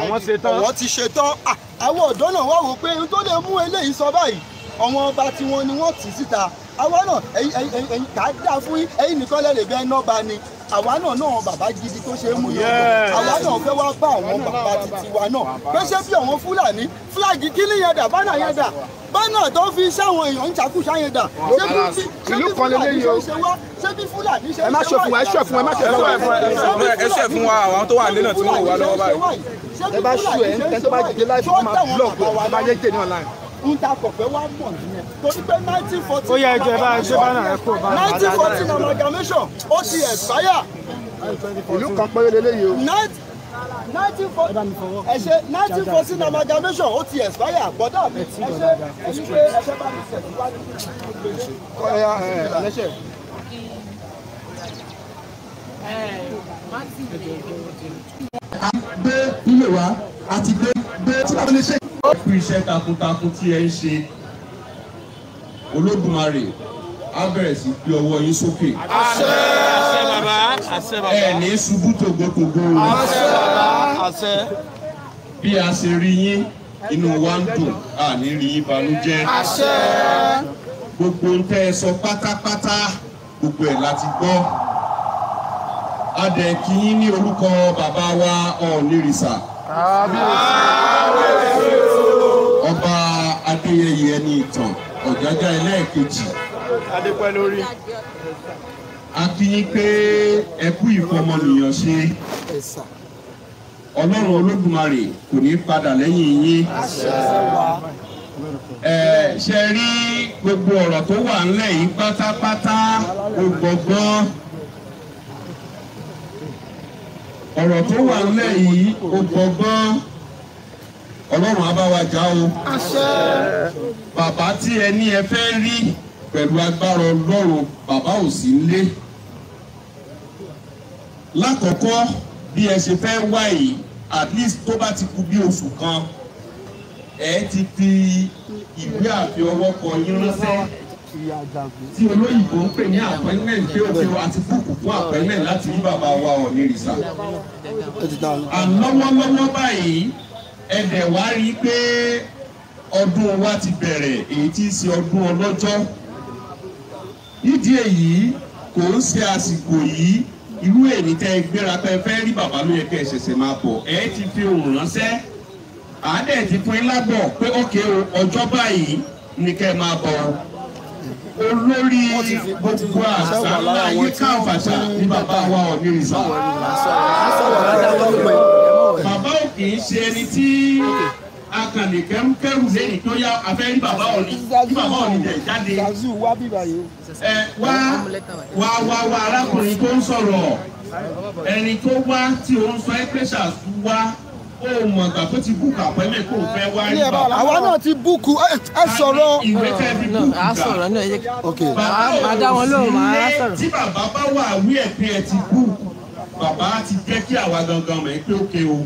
àwọn ṣetán àwọn ti ṣetán ah, àwọn ọ̀dọ́ náà wá wò pé n tó lè mú eléyìí sọ báyìí àwọn ọba tiwọn ni wọ́n tì síta àwa náà ẹ̀yin ẹ̀yin ẹ̀yin kà á dà fún ẹ̀yin nìkan lẹ́lẹ́gbẹ́ náà bá ni àwa náà náà bàbá gidi tó ṣe é mú yọ àwa náà fẹ́ wá bá àwọn bàbá titi náà pé bí àwọn fúlàní fúlàgì kílí yẹn dà bánà yẹn dà bánà tó fi sáwọn èèyàn ń ṣàkóso yẹn dà ṣé bí fúlàní ṣe ṣe wá ṣé bí fúlàní ṣe ṣe wá ẹ má ṣe fún wa ẹ ṣe fún wa ẹ má ṣe fún wa ẹ ṣe fún wa àwọn tó wà nílẹ̀ tí wọ́n wà lọ́wọ́ báyìí. ẹ bá ṣù ẹ ń tẹ́ tó bá jẹ láìpẹ́ máa torí pé nineteen fourteen. ó yẹ ẹjọ ẹ bá ẹjọ bá náà ẹ kó bá. nineteen fourteen amalgamation ó ti expire. ìlú kan péré lélẹ́yìí o. nineteen fourteen ẹ ṣe nineteen fourteen amalgamation ó ti expire bọ́dà mi ẹ ṣe ẹ ṣe ẹ ṣe bá mi ṣẹ̀ wá ní. ọ̀ya ẹ̀ ẹ̀ a gbé ilé wa a gbé gbé tí a lè ṣe. ó fi iṣẹ́ takuntakun tí ẹ ń ṣe olódùmarè á bẹ̀rẹ̀ sí gbé ọwọ́ yín sókè. àṣẹ àṣẹ bàbá àṣẹ bàbá. ẹ ní ṣubú tògbótògbó. àṣẹ bàbá àṣẹ. bí a ṣe rí yín inú wa ń dùn a ní rí yín banújẹ́. àṣẹ. gbogbo ń tẹ́ ẹ sọ pátápátá gbogbo ẹ̀ láti gbọ́ adẹ̀ kí yín ní orúkọ bàbá wa ọ̀nìrìsà. ọba adéyẹyẹ ní ìtàn ọ̀jájá ẹlẹ́ẹ̀kejì. adépẹ́ lórí. a kí yín pé ẹ kú ìfọmọnìyàn ṣe ọlọ́run olódùmarè kò ní padà lẹ́yìn yín. ẹ ṣe rí gbogbo ọ̀rọ̀ tó wà ńlẹ̀ yìí pátápátá gbọ̀ngbọ̀n ọ̀rọ̀ tó wà ńlẹ̀ yìí gbọ̀ngbọ̀n ọlọ́run á bá o. bàbá tí ẹ ẹ fẹ́ rí pẹ̀lú agbára ọlọ́run bàbá ò sí nílé. lákọ̀ọ́kọ́ bí ẹ ṣe fẹ́ wá yìí at least tó bá ti kù bí oṣù kan ẹ ti fi ìwé àfi ọwọ́ kọ yín ránṣẹ́ tí olóyìnbó ń pè ní appointment pé òkè àti búùkù fún appointment láti rí bàbá wa Ọ̀ọ̀nì Ìrìṣà. báyìí ẹ̀dẹ̀ wá rí i pé ọdún wa ti bẹ̀rẹ̀ èyí tí í ṣe ọdún ọlọ́jọ́ nídìí èyí kò ń ṣe àsìkò yìí irú èyí tẹ́ ẹ gbéra pé fẹ́ rí bàbá ló yẹ kẹ́ ẹ ṣẹ̀ṣẹ̀ máa bọ̀ ẹ ti fi òun ránṣẹ́ àádẹ́ ti fún yín lábọ̀ pé ọkẹ́ ọjọ́ báyìí ni kẹ́ ẹ máa bọ̀ olórí gbogbo àṣà ńlá yíká ọ̀fàṣà ní bàbá wa ò ní ìsọ̀rọ̀ kì í ṣe ẹni tí akànnì kẹ́rù lẹ́yìn tó yá afẹ́ ní bàbá òní ní bàbá òní jẹ jáde. ẹ wá wá wá wá arákùnrin tó ń sọ̀rọ̀ ẹni tó wá tí ó ń sọ ẹ́ pẹ́ṣà wá ó mọ̀ gbà tó ti búkù àpẹ́lẹ̀ kó fẹ́ wá ní bàbá. àwa náà ti búkù ẹ sọ̀rọ̀. ìwé tẹ́ fi búkù gbà. a sọ̀rọ̀ náà yẹ kí a dá wọn lóhùn máa sọ̀rọ̀. tí bàbá bá wà wí ẹ̀ pé ẹ ti búkù bàbá ti jẹ́ kí àwa gangan mọ̀ ẹ́ pé ó ké o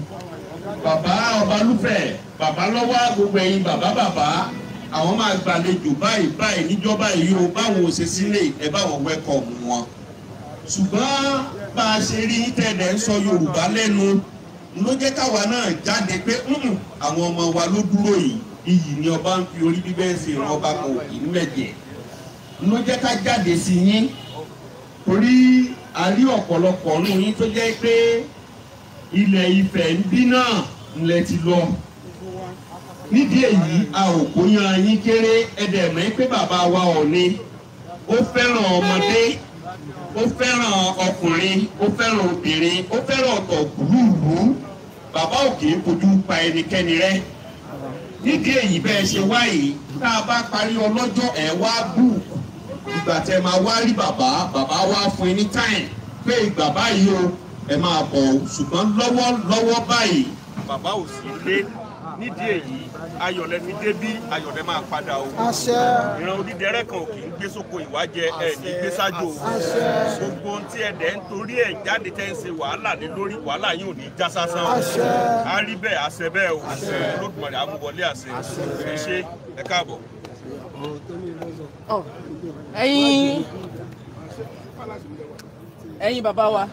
bàbá ọbalúfẹ̀ bàbá lọ́wọ́ gbogbo ẹ̀yin bàbá bàbá àwọn máa gbàlejò báyìí báyìí níjọba yìí o báwọn ò ṣe sílẹ̀ ẹ báwọn wẹ́kọ̀mù wọn. ṣùgbọ́n bá a ṣe rí tẹ̀lẹ̀ ń sọ Yorùbá lẹ́nu ló jẹ́ káwa náà jáde pé àwọn ọmọ wa ló dúró yìí iyì ni ọba ń fi orí bíbẹ́ sí ìran ọba kan òkè nílẹ̀jẹ̀ ló jẹ́ ká jáde sí yín torí a rí ọ̀pọ̀lọpọ̀ nínú yín tó jẹ́ pé ilẹ̀ Ifẹ̀ ń bí náà ńlẹ̀ ti lọ nídìí èyí a ò kó yan yín kéré ẹdẹ̀mẹ́ pé bàbá wa Ọọ̀ni ó fẹ́ràn ọmọdé ó fẹ́ràn ọkùnrin ó fẹ́ràn obìnrin ó fẹ́ràn ọ̀tọ̀ gbùlùgbù bàbá ò kì í fojú pa ẹnikẹ́ni rẹ́ nídìí èyí bẹ́ẹ̀ ṣe wá yìí tá a bá parí ọlọ́jọ́ ẹ̀ wá búùkù ìgbà tẹ́ máa wá rí bàbá bàbá wá fún ẹni táìm pé ìgbà báyìí o ẹ máa bọ̀ ọ́ ṣùgbọ́n lọ́wọ́lọ́wọ́ báyìí bàbá ò sí ilé nídìí èyí ayọ̀lẹ̀ mi débí ayọ̀lẹ̀ máa padà o. ìran onídẹ̀rẹ́ kan ò kì í gbé sóko ìwájẹ ẹ̀ ní gbé sájò o. gbogbo ohun tí ẹ̀dẹ̀ ń torí ẹ̀ jáde tẹ́ ń ṣe wàhálà ní lórí wàhálà yóò ní já sásán o. a rí bẹ́ẹ̀ àṣẹ bẹ́ẹ̀ o olódùmarè amúwọlé àṣẹ ẹ ṣe ẹ káàbọ̀. ẹ̀yin ẹ̀yin bàbá wa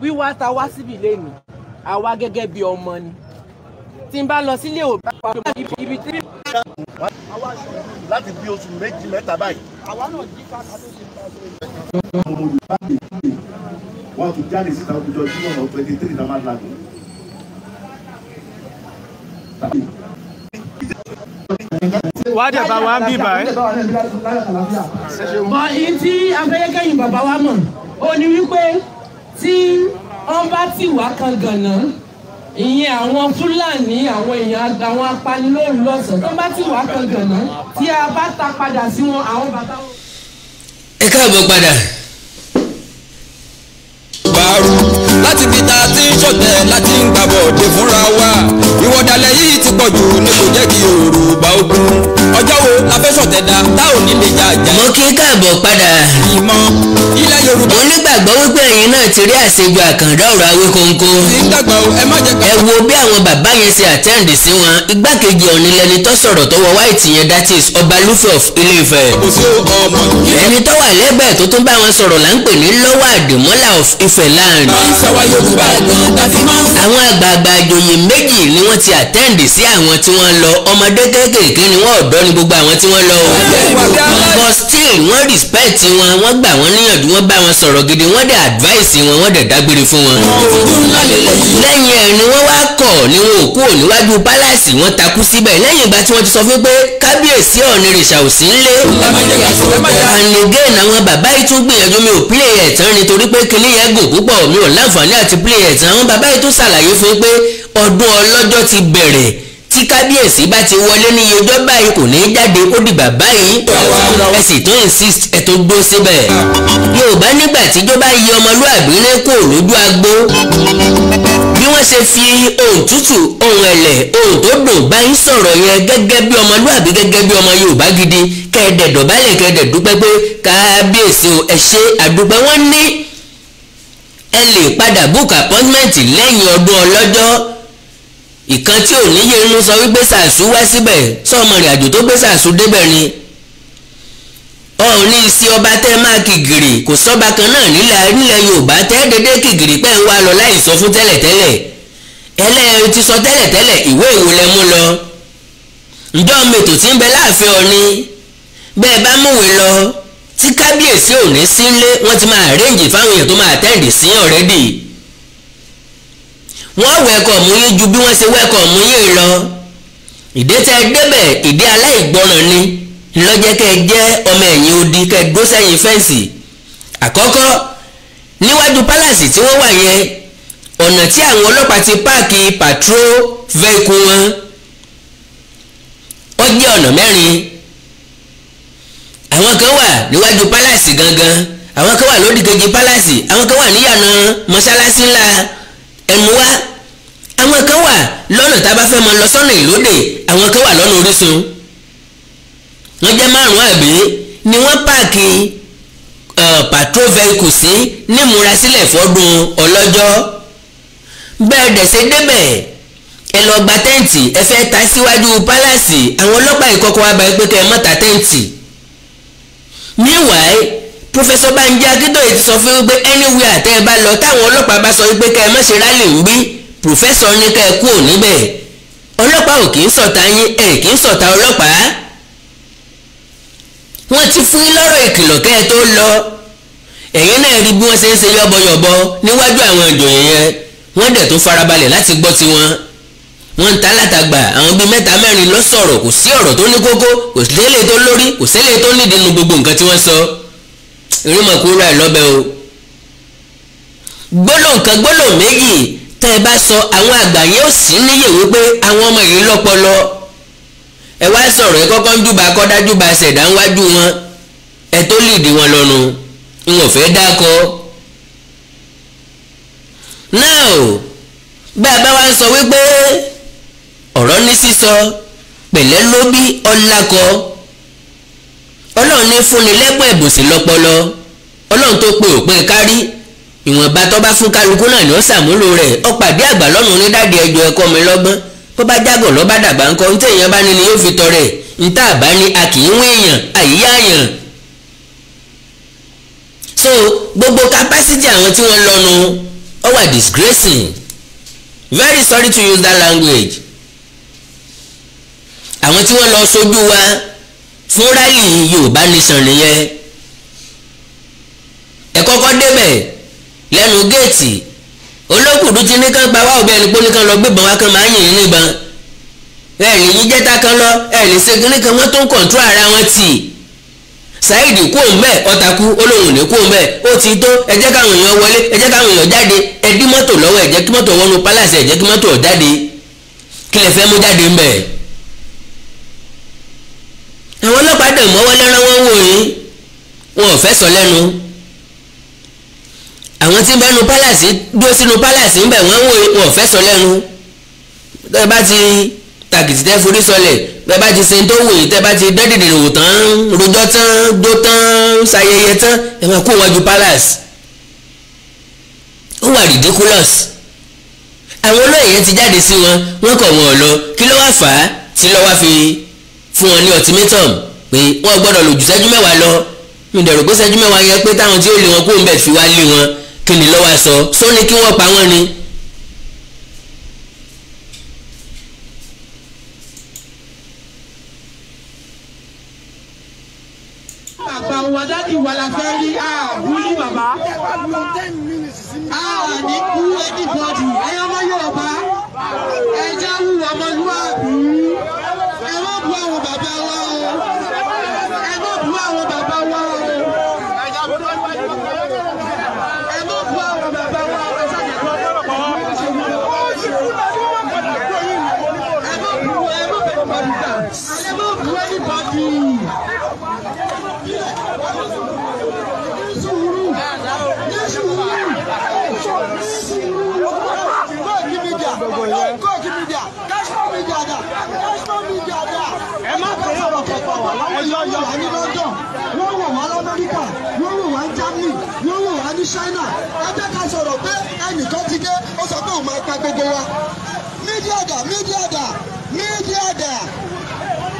wíwá ta wá síbi lẹ́nu àwa gẹ́gẹ́ bí ọmọ ni tí n bá lọ sílé òbí wa ló máa ibi tí. láti bí oṣù méjì mẹ́ta báyìí. àwa náà jí ká ká tó ṣe ń bá a lórí. wọn tún jáde síta òkùnjọ tí wọn lọ fẹ ní tẹlifà máa lagun. wà á dẹ̀ bá wa ń bí báyìí. bọ̀ èyí tí afẹ́yẹ́kẹ́yìn bàbá wa mọ̀ ó ní wípé tí wọ́n bá ti wá kan gànà ìyẹn àwọn fúlàní àwọn èèyàn àwọn apanilóòrùn lọ́sàn tó bá ti wá kan gànà tí a bá ta padà sí wọn àwọn bàtà. ẹ káàbọ̀ padà. tá a ti ń ṣọ̀tẹ̀ láti ń gbàbọ̀dé fúnra wa ìwọ́dalẹ̀ yìí ti pọ̀ jù ni kò jẹ́ kí Yorùbá ogun ọjọ́ wo la fẹ́ ṣọ̀tẹ̀ dá tá ò ní lè jàjà. mo kí káàbọ̀ padà. ìmọ̀ ilẹ̀ Yorùbá. mo wípé ẹ̀yin náà ti rí àṣejù àkàndá ọ̀rọ̀ Awíkonko. ẹ wo bí àwọn bàbá yẹn ṣe àtẹ́ǹdì sí wọn igbákejì ọ̀nilẹ́ni tó sọ̀rọ̀ tó wọ wáìtì yẹn that is ọba lufẹ of Ilé-Ifẹ̀. ẹni tó wà lẹ́gbẹ̀ẹ́ tó tún bá wọn sọ̀rọ̀ là ń pè ní lọ́wọ́ àdìmọ́là of Ifẹ̀ land àwọn àgbààgbà àjòyè méjì ni wọ́n ti àtẹ́ǹdì sí àwọn tí wọ́n lọ ọmọdé kéékèèké ni wọ́n ọ̀dọ́ ni gbogbo àwọn tí wọ́n lọ o. but still wọ́n respect wọn wọ́n gbà wọ́n níyànjú wọ́n bá wọn sọ̀rọ̀ gidi wọ́n dẹ̀ advice wọn wọ́n dẹ̀ dágbére fún wọn. lẹ́yìn ẹ̀ ni wọ́n wá kọ̀ ni wọn ò kú ò níwájú pálásì wọ́n takú síbẹ̀ lẹ́yìn ìgbà tí wọ́n ti sọ fún pé kábíyèsí ọ̀nìrìṣà ò sí ńlé. and again àwọn bàbá yìí tún gbìyànjú mi ò play ẹ̀ tán nítorí pé kinní yẹn gùn púpọ̀ mi ò láǹfààní àti p play ẹ̀ tán àwọn bàbá yìí tó ṣàlàyé fún pé ọdún ọlọ́jọ́ ti bẹ̀rẹ̀ tí kábíyèsí bá ti wọlé ní iye báyìí kò ní í jáde ó dìgbà báyìí ẹ sì tún insist ẹ tó gbó síbẹ̀. yorùbá nígbà tíjọba yí ọmọlúàbí ní kò lójú agbo bí wọ́n ṣe fi ohùn tútù ohùn ẹ̀lẹ̀ ohùn tó dùn bá ń sọ̀rọ̀ yẹn gẹ́gẹ́ bí ọmọlúàbí gẹ́gẹ́ bí ọmọ yorùbá gidi kẹ́ẹ̀dẹ̀ dọ̀bálẹ̀ kẹ́ẹ̀dẹ̀ pé kábíyèsí ẹ ṣé àdúpẹ́ wọ́n ní ẹ lè padà book appointment lẹ́yìn ọdún ọlọ́jọ́ ìkan tí ò níye inú sọ wípé sàṣù wá síbẹ̀ sọmọ rìn àjò tó gbé sàṣù débẹ̀ ni ọ̀run ní ìsí ọba tẹ́ máa kìgìrì kò sọ́ba kan náà nílẹ̀ nílẹ̀ Yorùbá tẹ́ dédé kìgìrì pẹ́ ń wá lọ láì sọ fún tẹ́lẹ̀tẹ́lẹ̀ ẹlẹ́yìn ti sọ tẹ́lẹ̀tẹ́lẹ̀ ìwé ìwò lẹ mú lọ ǹjọ́ mẹ́tò tí ń bẹ láàfin Ọ̀ọ̀ni bẹ́ẹ̀ bá múwèé lọ tí kábíyèsí ò ní sílé wọ́n ti máa arrange fáwọn èèyàn tó máa tẹ́ǹdì sí already wọ́n wẹ́kọ̀mù yín ju bí wọ́n ṣe wẹ́kọ̀mù yín lọ ìdí tẹ́ ẹ débẹ̀ ìdí aláìgbọràn ni lọ́jẹ́ kẹ́ ẹ jẹ́ ọmọ ẹ̀yìn odi kẹ́ ẹ dó sẹ́yìn fẹ́ǹsì àkọ́kọ́ níwájú pálásì tí wọ́n wà yẹn ọ̀nà tí àwọn ọlọ́pàá ti páàkì patrol vehicle wọn ó jẹ́ ọ̀nà mẹ́rin àwọn kan wà níwájú pálásì gangan àwọn kan wà lódì kejì pálásì àwọn kan wà níyànà mọ́ṣáláṣí ńlá ẹnu wá àwọn kan wà lọ́nà tá a bá fẹ́ mọ lọ sọ́nà ìlódè àwọn kan wà lọ́nà orísun wọ́n jẹ́ márùn-ún àbí ni wọ́n páàkì patrol vehicle sí nímúrasílẹ̀ fọ́dún ọlọ́jọ́ bẹ́ẹ̀ dẹ̀ ṣe débẹ̀ ẹ lọ gba tẹ́ǹtì ẹ fẹ́ ta síwájú pálásì àwọn ọlọ́pàá ìkọ̀kọ̀ wa bá ẹ pé kẹ́ ẹ mọ́ta tẹ́ǹtì meanwhile professor banji akíntóye ti sọ fún wípé anywhere tẹ́ ẹ bá lọ táwọn ọlọ́pàá bá sọ wípé kẹ́ ẹ má ṣe rálì ń bí professor ní kẹ́ ẹ kú ò níbẹ̀ ọlọ́pàá ò kì í ṣọ̀tá yín ẹ̀ kì í ṣọ̀tá ọlọ́pàá wọ́n ti fún yín lọ́rọ̀ ìkìlọ̀ kẹ́ ẹ tó lọ ẹ̀yin náà rí bí wọ́n ṣe ń ṣe yọ́bọyọ̀bọ níwájú àwọn ìjòyè yẹn wọ́n dẹ̀ tó farabalẹ̀ láti gbọ́ tiwọn. wọn ń ta látàgbà àwọn bíi mẹ́ta mẹ́rin ló sọ̀rọ̀ kò sí ọ̀rọ̀ tó ní kókó kò sí tó lórí kò sí tó nídìí nu gbogbo nǹkan tí wọ́n sọ ìrìnmọ̀ kó ra ẹ̀ o. gbọlọ kan gbọlọ méjì tẹ́ ẹ bá sọ àwọn àgbà yẹn ò sí níyè wípé àwọn ọmọ yìí lọ́pọlọ ẹ wá sọ̀rọ̀ ẹ kọ́kọ́ ń júbà kọ́dájúbà ṣẹ̀dá ń wájú wọn ẹ tó lìdí wọn lọ́nu n ò fẹ́ dákọ́ náà bá a bá wa sọ wípé ọ̀rọ̀ ní sísọ pẹ̀lẹ́ ló bí ọlákọ ọlọ́run ní fúnni lẹ́pọ̀ ẹ̀bùn sí lọ́pọlọ ọlọ́run tó pe òpin kárí ìwọ̀nba tó bá fún kálukú náà ni ó ṣàmúlò rẹ̀ ọ pàdé àgbà lọ́rùn ní dáàdi ẹjọ́ ẹ̀kọ́ mi lọ́gbọ́n bó bá jágọ̀ lọ́ba dàgbà ńkọ́ ní téèyàn bá ní ni yóò fi tọrẹ níta àbá ni a kì í wọ́n èèyàn àyíyá èèyàn so gbogbo capacity àwọn tí wọ́n lọ́nu ọ wà disgracing very sorry to use that language àwọn tí wọ́n lọ sojú wa fún rálì Yorùbá nation nìyẹn ẹ kọ́kọ́ débẹ̀ lẹ́nu géètì olókùdú ti ní kán gba wá ọ̀bẹ ẹni pólí kan lọ gbébọn wá kan máa ń yìnyín níbọn ẹ lè yí jẹ́ta kan lọ ẹ lè ṣe kínní kan wọ́n tó ń kọ̀ǹtú ara wọn tì Saheed kú òǹbẹ ọtakú olóhùn ní kú òǹbẹ ó ti tó ẹ jẹ́ káwọn èèyàn wọlé ẹ jẹ́ káwọn èèyàn jáde ẹ dí mọ́tò lọ́wọ́ ẹ jẹ́ kí mọ́tò wọnú palace ẹ jẹ́ kí mọ́tò jáde kí lè fẹ́ mú jáde ńbẹ̀ àwọn ọlọ́pàá dẹ̀ mọ́wọ́ lẹ́rán wọn wò yín wọn ò fẹ́ sọ lẹ́nu àwọn tí ń bẹ́nu pálàsì dúró sínú pálàsì ń bẹ̀ wọ́n wò yín wọn ò fẹ́ sọ lẹ́nu tẹ́ bá ti tàkìtì tẹ́ forí sọlẹ̀ tẹ́ bá ti sin tó wò yín tẹ́ bá ti dẹ́dẹ̀dẹ̀ wò tán rojọ́ tán dó tán ṣayẹyẹ tán ẹ̀ máa kó wọn ju pálàsì ó wà ridiculous àwọn olóyè yẹn ti jáde sí wọn wọn kọ̀ wọn lọ kí ló wá fà á tí lọ́wọ́ fi fún wọn ní ultimatum pé wọ́n gbọ́dọ̀ lò ju ṣẹ́jú lọ mi dẹ̀rù pé ṣẹ́jú mẹ́wàá yẹn pé táwọn tí ó lé wọn kó ń bẹ̀ fi wá lé wọn kí ni lọ́wọ́ sọ sọ ni kí wọ́n pa wọ́n ni. bàbá wa dáàdi wa la wù ọmọlúwàbí. àwọn bàbá. wà ó media da media da media da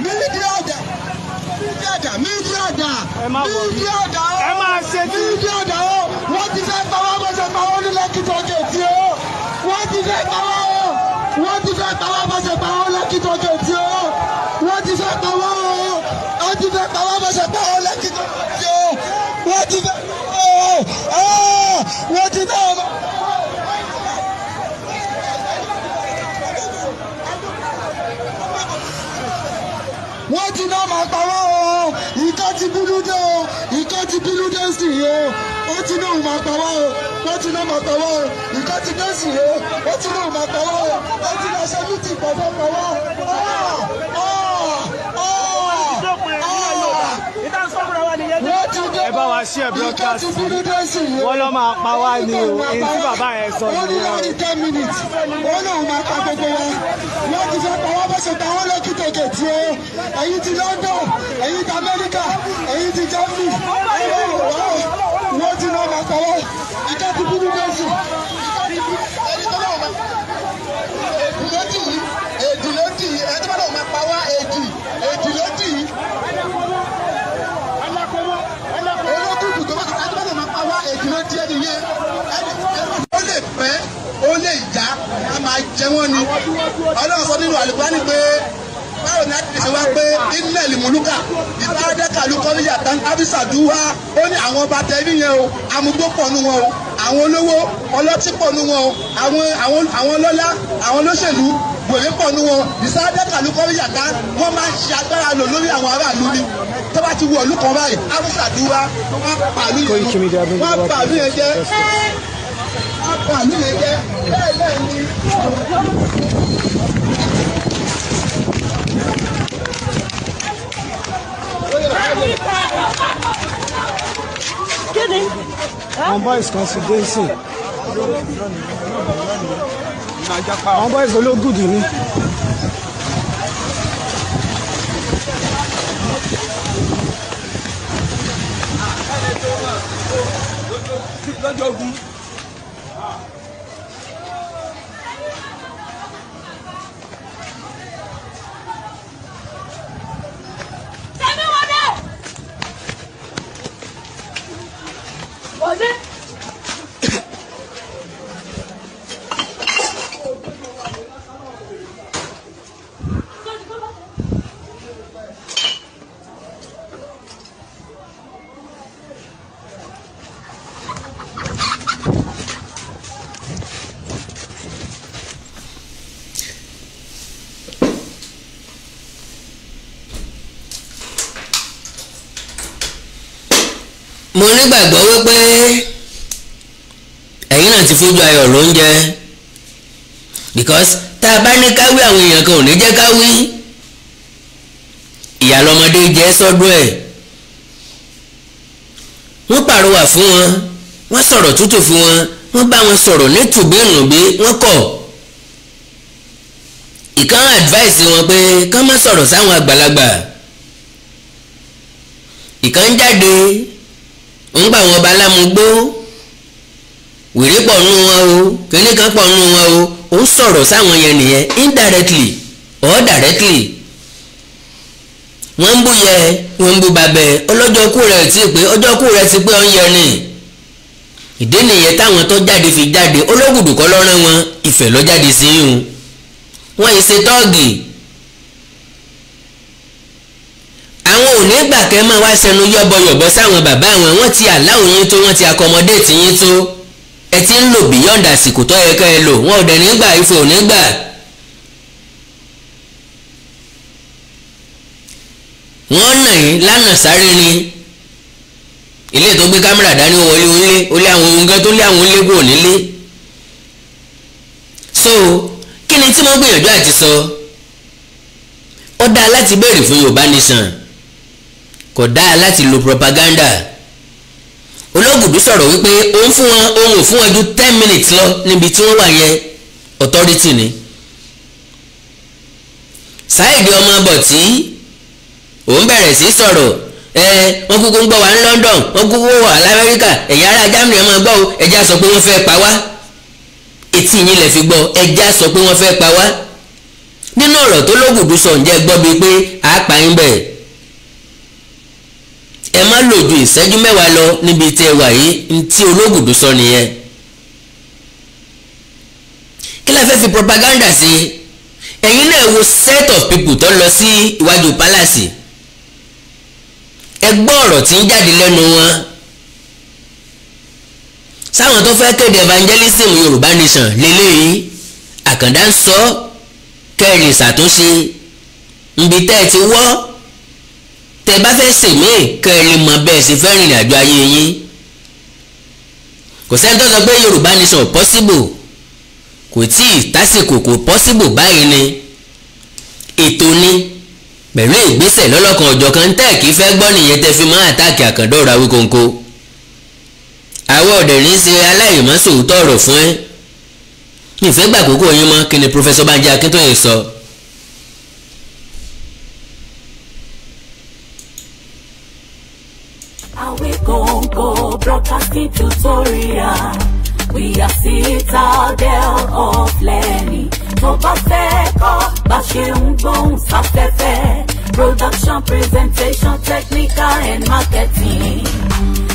media da media da media da media da oh, wọ́n ti fẹ́ pa wá bó ṣe pa wọ́n ní lẹ́kìtì ọjọ́ ìtì wọ́n ti náà. wọ́n ti náà máa pa wá o ìkẹ́ ti bínú dé o ìkẹ́ ti bínú dé sí i o ó ti náà máa pa wá o wọ́n ti náà máa pa wá o ìkẹ́ ti dé sí i o ó ti náà máa pa wá o ó ti náà ṣe mí ti pọ̀ fẹ́ pa wá o. ẹ bá wa ṣí ẹ broadcast wọn lọ máa pa wá ní o èyí tí bàbá yẹn sọ nìyẹn o. òun náà máa pa gbogbo wa wọ́n ti fẹ́ pa wá bó ṣe pa wọ́n lókì tètè tí o èyí ti London èyí ti Amẹ́ríkà èyí ti Germany èyí ti wọ́n wọ́n ti náà máa pa wá ìkẹ́tù búrú dẹ́sì. èdè ló dì í ẹni tó bá lọ́wọ́ máa pa wá èdè èdè ló dì í. ẹran tiẹ̀ nìyẹn ó lè pẹ́ ó lè já a máa jẹ wọ́n ni ọlọ́run sọ nínú àlùkùránì pé báwo ni àti ṣe wá pé ilẹ̀ lìmúlùkà ìbáradẹ́ka ló kọ́ tán ábísà dúwá ó ní àwọn ọba tẹ níyẹn o amúgbó pọ̀ nù wọn o àwọn olówó ọlọ́tí pọ̀ nù wọn o àwọn àwọn àwọn ọlọ́lá àwọn olóṣèlú wèrè pọ̀ nù wọn ìsáradẹ́ka ló kọ́ tán wọ́n máa ṣe agbára lò lórí àwọn aráàlú ni tọ́ba ti wọ̀ lùkàn báyìí haúsá dúwá wọ́n pàlú yẹn wọ́n pàlú yẹn jẹ́ wọ́n pàlú yẹn jẹ́ bẹ́ẹ̀ bẹ́ẹ̀ ni. Àwọn boys kan ti dé sí. Àwọn boys ológùdù ni. lọ́jọ́ nígbàgbọ́ wípé ẹ̀yin náà ti fojú ayọ̀ ló ń jẹ because tá a bá ní káwí àwọn èèyàn kan ò ní jẹ́ káwí ìyá lọmọdé jẹ́ sọ́dọ̀ ẹ̀ wọ́n pàrọwà fún wọn wọ́n sọ̀rọ̀ tútù fún wọn wọ́n bá wọn sọ̀rọ̀ ní tùbínùbí wọ́n kọ̀ ìkan advice wọn pé kán má sọ̀rọ̀ sáwọn àgbàlagbà ìkan jáde ńgbà wọn ọba lámugbó wèrè pọ̀ nù wọn o kínní kan pọ̀ nù wọn o ó sọ̀rọ̀ sáwọn yẹn nìyẹn indirectly or directly wọ́n ń bú yẹ wọ́n ń bú babẹ́ ọlọ́jọ́ kú rẹ̀ ti pé ọjọ́ kú rẹ̀ ti pé ọ̀ ń yẹ ni ìdí nìyẹn táwọn tó jáde fi jáde ológùdù kọ́ lọ́rán wọn ìfẹ́ lọ́jáde sí yìí wọ́n yìí ṣe tọ́ọ̀gì àwọn ò ní gbà kẹ́ máa wá sẹnu yọ̀bọ̀yọ̀bọ̀ sáwọn bàbá àwọn wọ́n ti àláwọn yín tó wọ́n ti accommodate yín tó ẹ ti ń lò beyond àsìkò tó yẹ ká ẹ lò wọn ò dẹ̀ nígbà ife ò nígbà. wọ́n nà yín lánàá sáré ni ilé tó gbé kámẹ́rà dání wọlé onílé ó lé àwọn ohun gan tó lé àwọn onílé kúrò nílé. so kí ni tí mo gbìyànjú àti sọ ó dáa láti béèrè fún Yorùbá nation kò dáa láti lo propaganda ológùdú sọ̀rọ̀ wípé òun fún wọn òun ò fún wọn ju ten minutes lọ níbi tí wọ́n wà yẹn authority ni Saheed ọmọ bọ̀tí òun bẹ̀rẹ̀ sí sọ̀rọ̀ ẹ wọ́n kúkú ń gbọ́ wa ní London wọ́n kúkú wà lamẹ́ríkà ẹ̀yà ara Germany ọmọ gbọ́ o ẹja sọ pé wọ́n fẹ́ pa wá etí yín lè fi gbọ́ ẹja sọ pé wọ́n fẹ́ pa wá nínú ọ̀rọ̀ tó lógùdú sọ ǹjẹ́ gbọ́ bíi pé àápàá ń bẹ̀ẹ́ ẹ má lò ju ìṣẹ́jú mẹ́wàá lọ níbi tí ẹ wà yìí ntí olóògùdù sọ nìyẹn kí la fẹ́ fi propaganda sí ẹ̀yin náà wo set of people tó lọ sí iwájú palace ẹ gbọ́ ọ̀rọ̀ tí ń jáde lẹ́nu wọn sáwọn tó fẹ́ kéde evangelism yorùbá nation lélẹ́yìí àkàndá ń sọ kẹrin ìṣàtúnṣe nbí tẹ́ ẹ ti wọ́ tẹ bá fẹ́ sèmí kẹ́ ẹ lè mọ bẹ́ẹ̀ ṣe fẹ́ rìnrìn àjò ayé yín kò sẹ́ni sọ pé Yorùbá nation possible kò tí ì tásìkò kò possible báyìí ni ètò ni pẹ̀lú ìgbésẹ̀ lọ́lọ́kan ọ̀jọ̀kan ń tẹ̀ kí fẹ́ gbọ́ nìyẹn tẹ́ fi máa àtàkì àkàndọ̀rọ̀ Awíkóńkó àwọn ọ̀dẹ̀ ní í ṣe aláìmọ́sòótọ́ ọ̀rọ̀ fún ẹ́ nífẹ̀ẹ́ gbàgbókò yín mọ́ kí ni Professor Banji Akíntóyè sọ. go Broadcasting Tutorial. We are Citadel of Learning. Tó bá fẹ́ kọ́ un ṣe ń gbóhùn sáfẹ́fẹ́. Production, presentation, technical and marketing.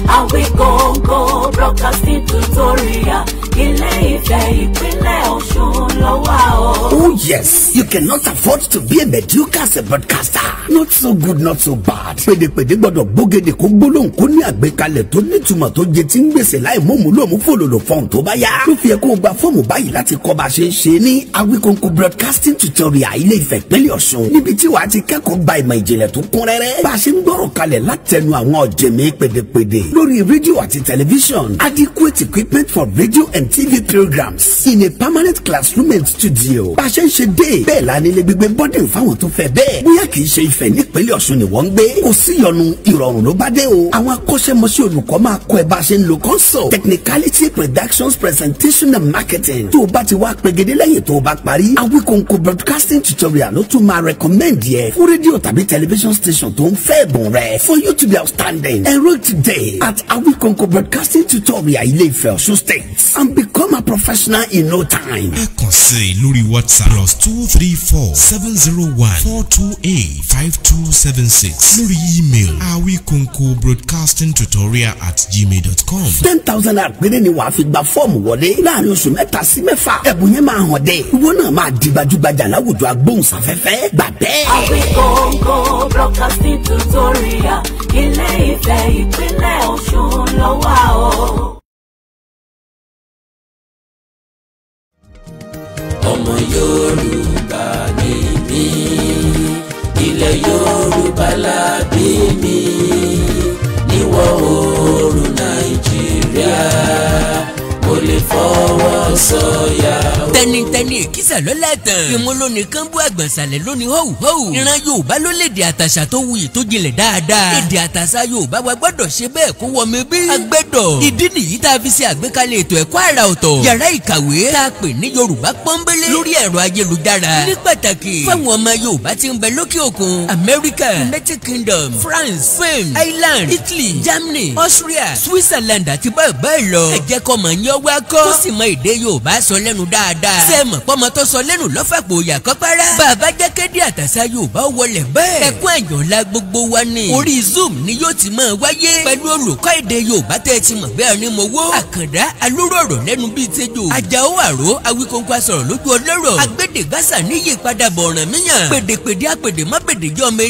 Àwí Kòńkò broadcasting tutorial. Ilé Ifẹ̀ ìpínlẹ̀ Ọ̀ṣun ló wà o. Oh yes, you cannot afford to be a mediocre as a broadcaster. Not so good, not so bad. Pèdèpèdè gbọ́dọ̀ gbógede kó gbólóhùn kó ní àgbékalẹ̀ tó nítumọ̀ tó jẹ tí ń gbèsè láì mọ̀mú lòmú fòlòlò fọ́ọ̀n tó bá yá. Ló fi yẹ kó o gba fọ́ọ̀mù báyìí láti kọ́ bá a ṣe ń ṣe ní Àwí Kòńkò broadcasting tutorial Ilé Ifẹ̀ ìpínlẹ̀ Ọ̀ṣun níbi tí wàá ti kẹ́kọ̀ọ́ gb nípa ìmọ̀ ìjìnlẹ̀ tó kún rẹ́rẹ́. bá a ṣe ń gbọ́rọ̀ kalẹ̀ látẹnu àwọn ọ̀jẹ̀mí pèdèpèdè lórí rédíò àti tẹlifíṣàn adequate equipment for radio and tv programs in a permanent classroom and studio. bá a ṣe ń ṣe dé bẹ́ẹ̀ la nílé gbígbé bọ́dìn fáwọn tó fẹ́ bẹ́ẹ̀ bóyá kì í ṣe Ifẹ̀ nípínlẹ̀ Ọ̀ṣun ni wọ́n ń gbé kò sí yọnu ìrọ̀rùn ló bá dé o àwọn akọ́ṣẹ́mọṣẹ́ olùkọ́ máa kọ́ ẹ bá a ṣe ń lo console technicality productions presentation and marketing tó o bá ti wá pegedé lẹ́yìn tó o bá parí Awikonko broadcasting tutorial ló tún máa recommend yẹ fún rédíò tàbí television station tó ń fẹ́ ẹ̀bùn rẹ for you to be outstanding enroll today at awikonko broadcasting tutorial ilé Ifẹ̀ Ọ̀ṣun state and become a professional in no time. ẹ kàn sí i lórí whatsapp plus two three four seven zero one four two eight five two seven six lórí email awikonko broadcasting tutorial at gmail.com. ten thousand naira péré ni wàá fi gba fọ́ọ̀mù wọlé láàrin oṣù mẹ́ta sí mẹ́fà ẹ̀bùn yẹn máa hàn dé ìwọ náà máa di gbajúgbajà láwùjọ agbóhùnsáfẹ́fẹ́ gbà bẹ́ẹ̀. àwíkọ́ Ògo broadcasting tutorial ilé Ifẹ̀ ìpínlẹ̀ Ọ̀ṣun ló wà o. ọmọ Yorùbá ni mí ilẹ̀ Yorùbá la mi níwọ̀ oòrùn Nàìjíríà kò lè fọwọ́ sọ̀yà. tẹnitẹni ìkísà lọ́la tán. ìmúlò nìkan bú àgbọ̀nsalẹ̀ lónìí họ́wù họ́wù. ìran yorùbá ló di àtàṣà tó wuyì tó jinlẹ̀ dáadáa. èdè àtàṣà yorùbá wa gbọ́dọ̀ ṣe bẹ́ẹ̀ kó wọ mi bí. agbẹ́dọ̀ ìdí nìyí tá a fi ṣe àgbékalẹ̀ ètò ẹ̀kọ́ àrà ọ̀tọ̀. yàrá ìkàwé tá a pè ní yorùbá pọ́nbélé lórí ẹ̀rọ ayélujára. ní united kingdom france spain ireland italy germany austria switzerland àti bẹ́ẹ̀ bẹ́ẹ̀ lọ. ẹ wá kọ́. ó sì mọ èdè Yorùbá sọ lẹ́nu dáadáa. ṣé mọ̀ pọ́mọ tó sọ lẹ́nu lọ́fàpọ̀ òyà kọ́ pẹ́rẹ́. bàbá jẹ́ kéde àtàṣà Yorùbá wọlé bẹ́ẹ̀. ẹkún ẹ̀yàn la gbogbo wa ni. orí Zoom ni yóò ti máa wáyé. pẹ̀lú olùkọ́ èdè Yorùbá tẹ́ ẹ ti mọ̀ bẹ́ẹ̀ ni mo wó. àkàndá alóró ọ̀rọ̀ lẹ́nu bíi tẹ́jọ́. àjàó àró awíkóńkó asọ̀rọ̀ lójú ọlọ́rọ̀. agbẹ́dẹ̀gbàsà níyì padà bọ̀ràn míyàn. pèdèpèdè apèdè mọ́pèdè jọ ọmọ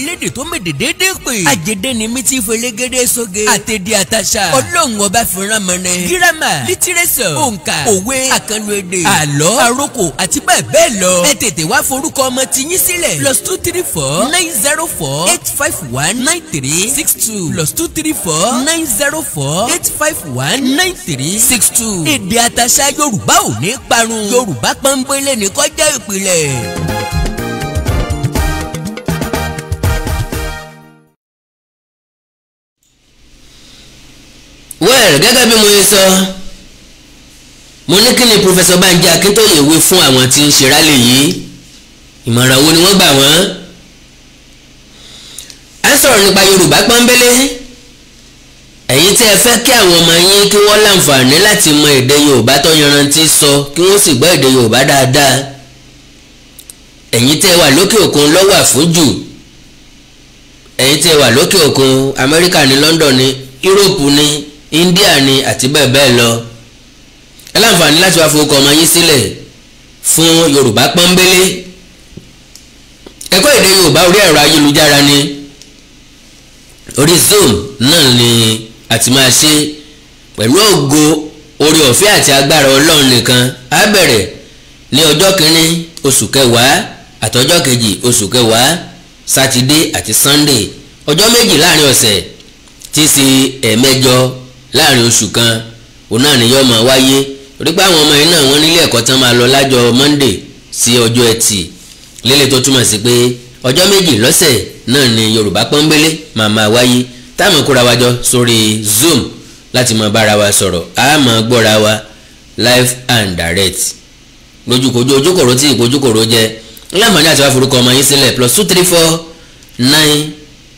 soge. àtẹ̀dẹ̀ àtàṣà. ọlọ́run ọba fìràn mọ́ni. gírámà lítíréṣ ìtàn òǹkà òwe àkànlò èdè àlọ́ àròkò àti bẹ́ẹ̀ bẹ́ẹ̀ lọ ẹ tètè wá forúkọ ọmọ tiyín sílẹ̀ plus two three four nine zero four eight five one nine three six two plus two three four nine zero four eight five one nine three six two èdè àtàṣà Yorùbá ò ní parun Yorùbá pọ́npẹ́lẹ́ ní kó jẹ́ ìpìlẹ̀. wẹ́ẹ̀rẹ̀ bí mo ṣe sọ mo ní kí ni professor Banji Akíntóyè wí fún àwọn tí ń ṣe rálẹ̀ yìí ìmọ̀ràn wo ni wọ́n gbà wọ́n à ń sọ̀rọ̀ nípa Yorùbá pọ́nbélé ẹ̀yin tí ẹ fẹ́ kí àwọn ọmọ yín kí wọ́n láǹfààní láti mọ èdè Yorùbá tó yanrantí sọ kí wọ́n sì gbọ́ èdè Yorùbá dáadáa ẹ̀yin tí ẹ wà lókè òkun lọ́wọ́ àfúnjù ẹ̀yin tí ẹ wà lókè òkun Amẹ́ríkà ní London ní Europe ní India ní àti bẹ́ẹ̀ bẹ́ẹ̀ lọ ẹ láǹfààní láti wá fowó kọ ọmọ yín sílẹ̀ fún yorùbá pọ́nbélé ẹ̀kọ́ èdè yorùbá orí ẹ̀rọ ayélujára ni orí zoom náà ni àti máa ṣe pẹ̀lú ògo orí ọ̀fẹ́ àti agbára ọlọ́run nìkan á bẹ̀rẹ̀ ní ọjọ́ kìíní oṣù kẹwàá àtọjọ́ kejì oṣù kẹwàá sátidé àti sunday ọjọ́ méjì láàrin ọ̀sẹ̀ tí í ṣe ẹ̀ẹ̀mẹjọ láàrin oṣù kan òun náà ni yóò máa wáyé torí pé àwọn ọmọ yìí náà wọ́n nílé ẹ̀kọ́ tán máa lọ lájọ monday sí ọjọ́ ẹtì lélẹ̀ tó túmọ̀ sí pé ọjọ́ méjì lọ́sẹ̀ náà ni yorùbá pọ́nbélé máa máa wáyé táwọn kóra wa jọ sórí zoom láti máa bára wa sọ̀rọ̀ a máa gbọ́ra wa live and direct lójúkojú ojúkòrò tí ìkojúkòrò jẹ lámàdé àti wá forúkọ ọmọ yín sílẹ̀ plus two three four nine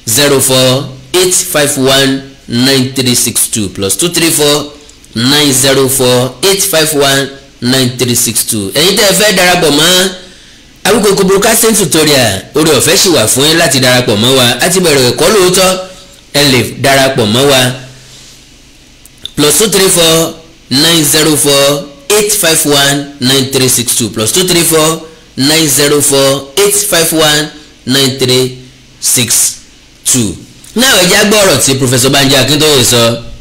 zero four eight five one nine three six two plus two three four nine zero four eight five one nine three six two ẹ̀yin tẹ́ ẹ fẹ́ darapọ̀ mọ́ Awikonko broadcasting tutorial orí ọ̀fẹ́ sì wà fún yín láti darapọ̀ mọ́ wa àti bẹ̀rẹ̀ ẹ̀kọ́ lóòótọ́ ẹ lè darapọ̀ mọ́ wa plus two three four nine zero four eight five one nine three six two plus two three four nine zero four eight five one nine three six two. náà ẹ̀já gbọ́ ọ̀rọ̀ tí Professor Banji Akintoye sọ. So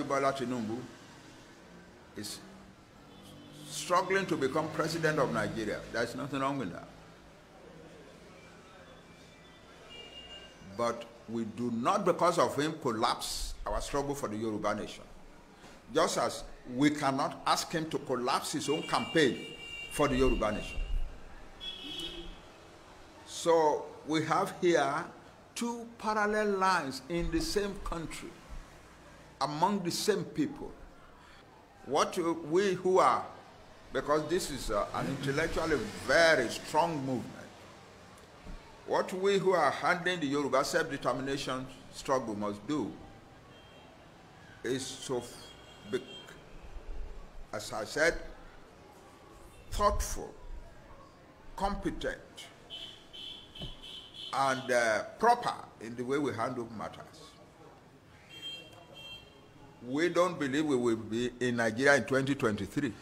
Bola Tinubu is struggling to become president of Nigeria. There's nothing wrong with that. But we do not, because of him, collapse our struggle for the Yoruba nation. Just as we cannot ask him to collapse his own campaign for the Yoruba nation. So we have here two parallel lines in the same country among the same people. What we who are, because this is a, uh, an intellectually very strong movement, what we who are handling the Yoruba self-determination struggle must do is to, be, as I said, thoughtful, competent, and uh, proper in the way we handle matter we don't believe we will be in Nigeria in 2023.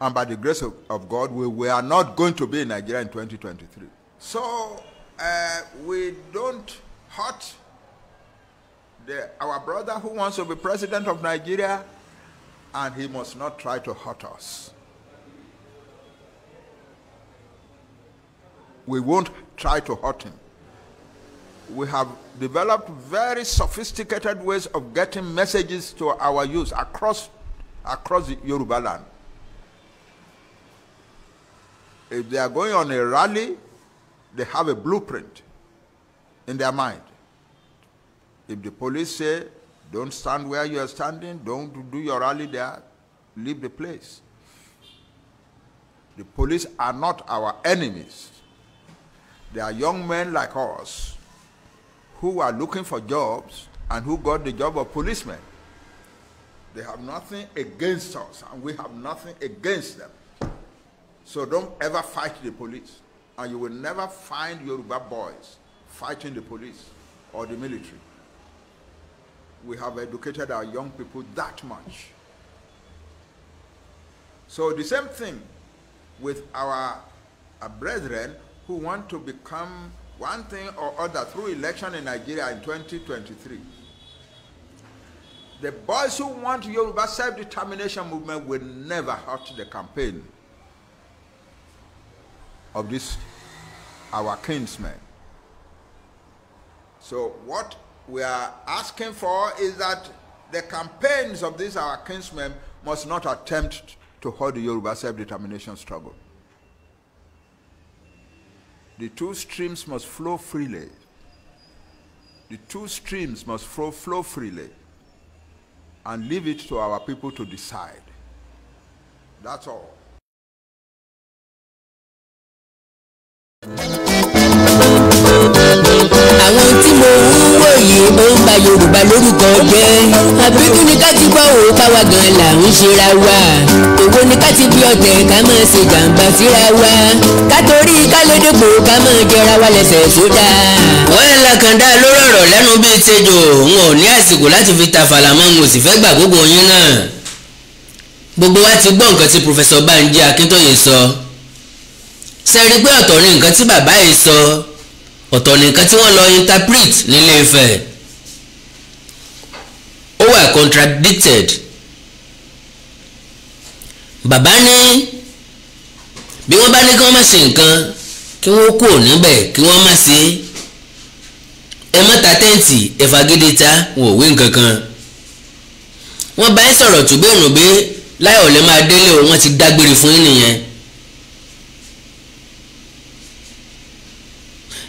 And by the grace of, of God, we, we are not going to be in Nigeria in 2023. So uh, we don't hurt the, our brother who wants to be president of Nigeria, and he must not try to hurt us. We won't try to hurt him we have developed very sophisticated ways of getting messages to our youth across across Yoruba land. If they are going on a rally, they have a blueprint in their mind. If the police say, don't stand where you are standing, don't do your rally there, leave the place. The police are not our enemies. They are young men like us who are looking for jobs and who got the job of policemen. They have nothing against us, and we have nothing against them. So don't ever fight the police. And you will never find Yoruba boys fighting the police or the military. We have educated our young people that much. So the same thing with our, our brethren who want to become one thing or other through election in Nigeria in 2023. The boys who want Yoruba self-determination movement will never hurt the campaign of this, our kinsmen. So what we are asking for is that the campaigns of these our kinsmen must not attempt to hold the Yoruba self-determination struggle. The two streams must flow freely. The two streams must flow, flow freely and leave it to our people to decide. That's all. yìí ó ń ba yorùbá lórúkọ jẹ́ àbí ni ká ti gbọ́ òun káwa gan là ń ṣera wa èwo ni ká ti bí ọ̀tẹ̀ ká máa ṣe jàǹbá síra wa ká torí kálédèpò ká máa jẹra wa lẹ́sẹ̀ sódà. wọ́n yẹn lakanda ló rọ̀rọ̀ lẹ́nu bíi tejò n ò ní àsìkò láti fi ta fàlàmọ́ n ò sì fẹ́ gbà gbogbo yín náà gbogbo wa ti gbọ́ nǹkan tí pòfẹ́sọ̀ Bánjí Akíntóyè sọ ṣe pé ọ̀tọ̀ ni nǹkan tí bàbá yìí sọ so ọ̀tọ̀ nìkan tí wọ́n lọ interpret nílé Ifẹ̀ ó wà contradicted bàbá ní bí wọ́n bá ní kí wọ́n má ṣe nǹkan kí wọ́n kúrò níbẹ̀ kí wọ́n má ṣe ẹ má ta tẹ́ǹtì ẹ fagídé ta wọn ò nǹkan kan wọ́n bá ń sọ̀rọ̀ tùgbẹ́ òrùngbẹ́ láyọ̀ lẹ́ máa délé o wọ́n ti dágbére fún yín nìyẹn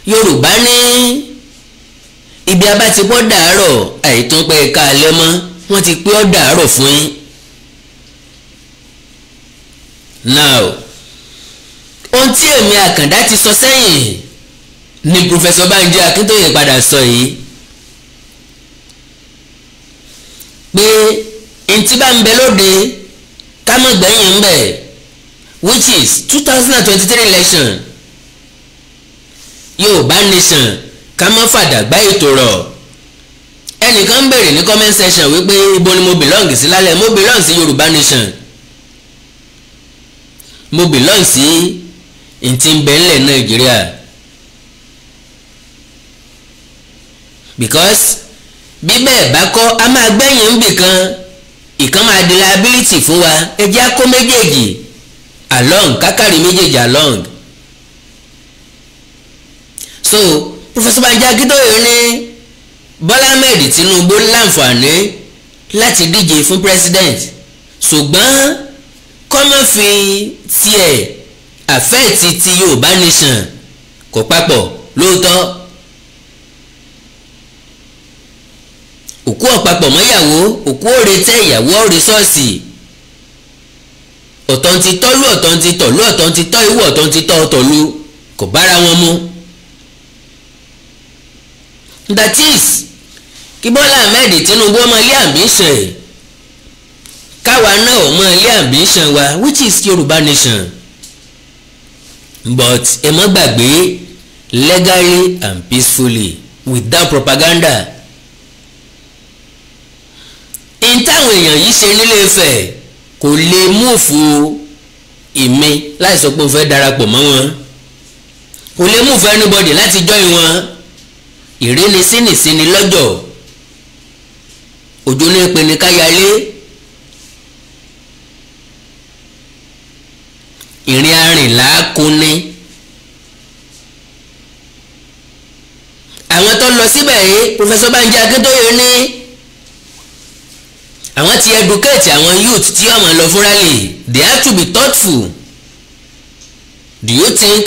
yorùbá ní ibi abá ti bọ́ dàárọ̀ àìtún pé ká alẹ́ mọ́ wọ́n ti pé ọ́ dàárọ̀ fún yín. now ohun tí èmi àkàndá ti sọ sẹ́yìn ni pòfẹ́sọ Bánjí Akíntóyè padà sọ yìí pé ntí bá ń bẹ lóde ká ń bẹ̀ which is two thousand and twenty three election Yorùbá Nation ká má fàdàgbà ètò rọ̀ ẹnìkan ń béèrè ní comment section wípé ibo ni mo belong sí lálẹ́ mo belong sí Yorùbá Nation mo belong sí ntí ń Nàìjíríà because bí bẹ́ẹ̀ bá kọ́ a máa gbẹ̀yìn ń bì kan ìkan máa di liability fún wa ẹ jẹ́ kó méjèèjì along kákàrí méjèèjì along so professor Banji Akintoye ní Bọ́lá Ahmed Tinubu láǹfààní láti díje fún president ṣùgbọ́n kọ́mọ̀fin tiẹ̀ àfẹ́ẹ̀tì ti Yorùbá nation kò papọ̀ lóòótọ́ òkú ọ̀pápọ̀ mọ́yàwó òkú òre tẹ́ ìyàwó ọ̀rẹ́ ṣọ́ọ̀ṣì ọ̀tọ̀ ń ti tọ́lú ọ̀tọ̀ ń ti tọ̀lú ọ̀tọ̀ ń ti tọ́ ìwú ọ̀tọ̀ ń ti tọ́ ọ̀tọ̀lú kò bára wọn mu that is kí Bọ́lá Ahmed Tinubu ọmọ ilé ambition káwa náà ọmọ ilé ambition wa which is Yorùbá nation but ẹ mọ́ gbàgbé legally and peacefully without propaganda n táwọn èèyàn yìí ṣe nílé Ifẹ̀ kò lè múùfù èmi láì sọ pé mo fẹ́ darapọ̀ mọ́ wọn kò lè múùfù anybody láti join wọn ìrẹ́ni sínisíni lọ́jọ́ òjò ní pinni káyalé ìrìn arìnlá kuni àwọn tó lọ síbẹ̀ yìí pòfẹ́sọ Bánjí Akíntóyè ní àwọn ti educate àwọn youth tí ọmọ lọ fúnra lè they have to be thoughtful do you think